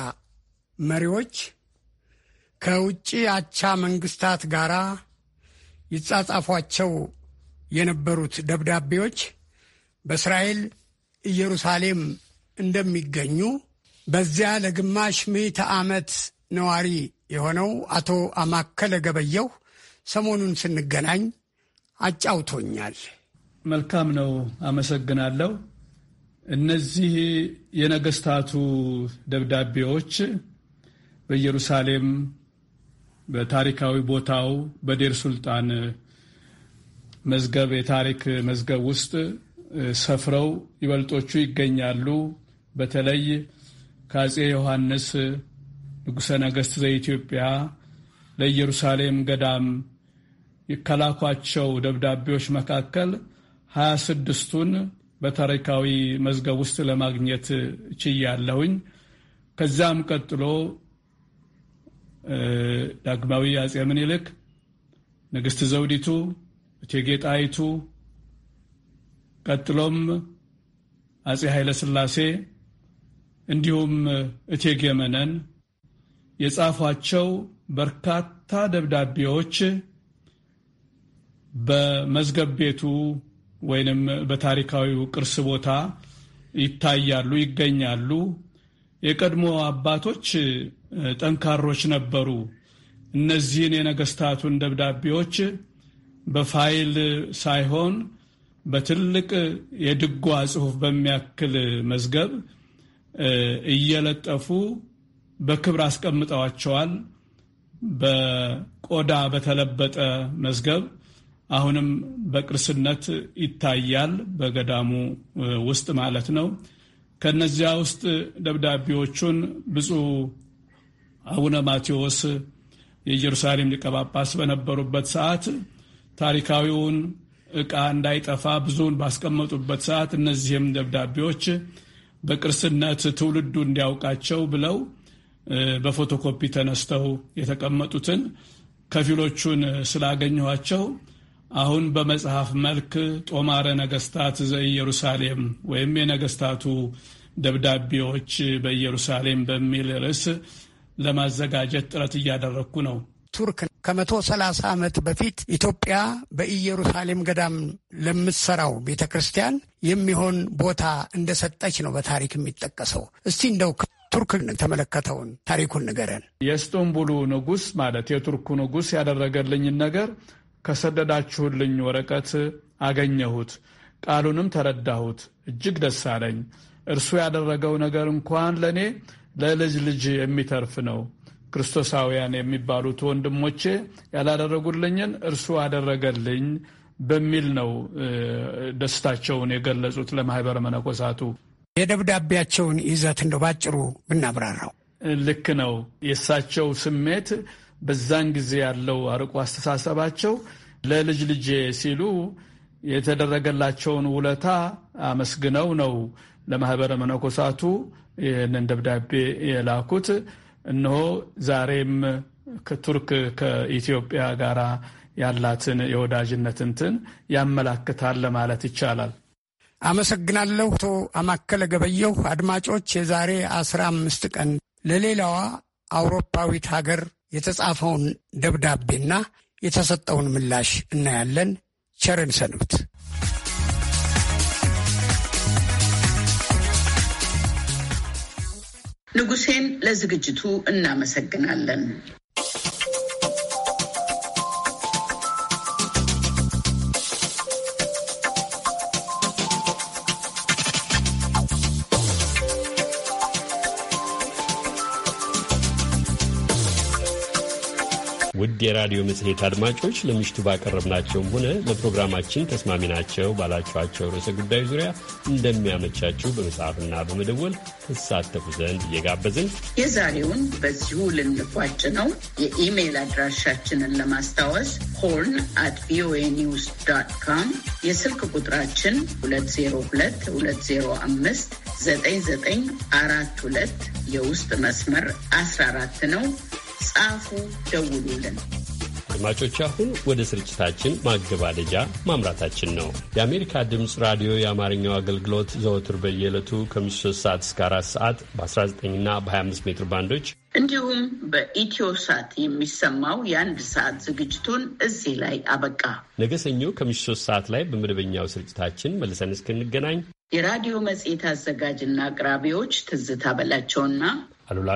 A: መሪዎች ከውጭ አቻ መንግስታት ጋር ይጻጻፏቸው የነበሩት ደብዳቤዎች በእስራኤል ኢየሩሳሌም እንደሚገኙ በዚያ ለግማሽ ምዕተ ዓመት ነዋሪ የሆነው አቶ አማከለ ገበየሁ
H: ሰሞኑን ስንገናኝ አጫውቶኛል። መልካም ነው። አመሰግናለሁ። እነዚህ የነገስታቱ ደብዳቤዎች በኢየሩሳሌም በታሪካዊ ቦታው በዴር ሱልጣን መዝገብ የታሪክ መዝገብ ውስጥ ሰፍረው ይበልጦቹ ይገኛሉ። በተለይ ከአጼ ዮሐንስ ንጉሠ ነገሥት ዘኢትዮጵያ ለኢየሩሳሌም ገዳም ከላኳቸው ደብዳቤዎች መካከል ሀያ ስድስቱን በታሪካዊ መዝገብ ውስጥ ለማግኘት ችያለሁኝ። ከዛም ቀጥሎ ዳግማዊ አጼ ምኒልክ፣ ንግስት ዘውዲቱ፣ እቴጌ ጣይቱ፣ ቀጥሎም አጼ ስላሴ እንዲሁም እቴጌ መነን የጻፏቸው በርካታ ደብዳቤዎች በመዝገብ ቤቱ ወይንም በታሪካዊው ቅርስ ቦታ ይታያሉ፣ ይገኛሉ። የቀድሞ አባቶች ጠንካሮች ነበሩ። እነዚህን የነገስታቱን ደብዳቤዎች በፋይል ሳይሆን በትልቅ የድጓ ጽሑፍ በሚያክል መዝገብ እየለጠፉ በክብር አስቀምጠዋቸዋል። በቆዳ በተለበጠ መዝገብ አሁንም በቅርስነት ይታያል፣ በገዳሙ ውስጥ ማለት ነው። ከነዚያ ውስጥ ደብዳቤዎቹን ብፁዕ አቡነ ማቴዎስ የኢየሩሳሌም ሊቀ ጳጳስ በነበሩበት ሰዓት ታሪካዊውን ዕቃ እንዳይጠፋ ብዙውን ባስቀመጡበት ሰዓት እነዚህም ደብዳቤዎች በቅርስነት ትውልዱ እንዲያውቃቸው ብለው በፎቶኮፒ ተነስተው የተቀመጡትን ከፊሎቹን ስላገኘኋቸው አሁን በመጽሐፍ መልክ ጦማረ ነገስታት ዘኢየሩሳሌም ወይም የነገስታቱ ደብዳቤዎች በኢየሩሳሌም በሚል ርዕስ ለማዘጋጀት ጥረት እያደረግኩ ነው።
A: ቱርክ ከመቶ ሰላሳ ዓመት በፊት ኢትዮጵያ በኢየሩሳሌም ገዳም ለምትሰራው ቤተ ክርስቲያን የሚሆን ቦታ እንደሰጠች ነው በታሪክ የሚጠቀሰው። እስቲ እንደው ቱርክ ተመለከተውን
H: ታሪኩን ንገረን። የእስጦንቡሉ ንጉስ ማለት የቱርኩ ንጉስ ያደረገልኝን ነገር ከሰደዳችሁልኝ ወረቀት አገኘሁት፣ ቃሉንም ተረዳሁት፣ እጅግ ደስ አለኝ። እርሱ ያደረገው ነገር እንኳን ለእኔ ለልጅ ልጅ የሚተርፍ ነው። ክርስቶሳውያን የሚባሉት ወንድሞቼ ያላደረጉልኝን እርሱ አደረገልኝ በሚል ነው ደስታቸውን የገለጹት ለማህበረ መነኮሳቱ። የደብዳቤያቸውን ይዘት እንደው ባጭሩ ብናብራራው ልክ ነው። የእሳቸው ስሜት በዛን ጊዜ ያለው አርቆ አስተሳሰባቸው ለልጅ ልጄ ሲሉ የተደረገላቸውን ውለታ አመስግነው ነው ለማህበረ መነኮሳቱ ይህንን ደብዳቤ የላኩት። እነሆ ዛሬም ከቱርክ ከኢትዮጵያ ጋር ያላትን የወዳጅነት እንትን ያመላክታል ለማለት ይቻላል።
A: አመሰግናለሁ አቶ አማከለ ገበየሁ። አድማጮች የዛሬ አስራ አምስት ቀን ለሌላዋ አውሮፓዊት ሀገር የተጻፈውን ደብዳቤና የተሰጠውን ምላሽ እናያለን። ቸርን ሰንብት።
B: ንጉሴን ለዝግጅቱ እናመሰግናለን።
C: ውድ የራዲዮ መጽሔት አድማጮች ለምሽቱ ባቀረብናቸውም ሆነ ለፕሮግራማችን ተስማሚ ናቸው ባላችኋቸው ርዕሰ ጉዳዮች ዙሪያ እንደሚያመቻችሁ በመጽሐፍና በመደወል ትሳተፉ ዘንድ እየጋበዝን
B: የዛሬውን በዚሁ ልንቋጭ ነው። የኢሜይል አድራሻችንን ለማስታወስ ሆርን አት ቪኦኤ ኒውስ ዳት ካም፣ የስልክ ቁጥራችን 202 205 9942 የውስጥ መስመር 14 ነው። ጻፉ፣ ደውሉልን።
C: አድማጮች አሁን ወደ ስርጭታችን ማገባደጃ ማምራታችን ነው። የአሜሪካ ድምፅ ራዲዮ የአማርኛው አገልግሎት ዘወትር በየዕለቱ ከምሽቱ 3 ሰዓት እስከ 4 ሰዓት በ19ና በ25 ሜትር ባንዶች
B: እንዲሁም በኢትዮ ሳት የሚሰማው የአንድ ሰዓት ዝግጅቱን እዚህ ላይ አበቃ።
C: ነገ ሰኞ ከምሽቱ 3 ሰዓት ላይ በመደበኛው ስርጭታችን መልሰን እስክንገናኝ
B: የራዲዮ መጽሔት አዘጋጅና አቅራቢዎች ትዝታ በላቸውና
C: አሉላ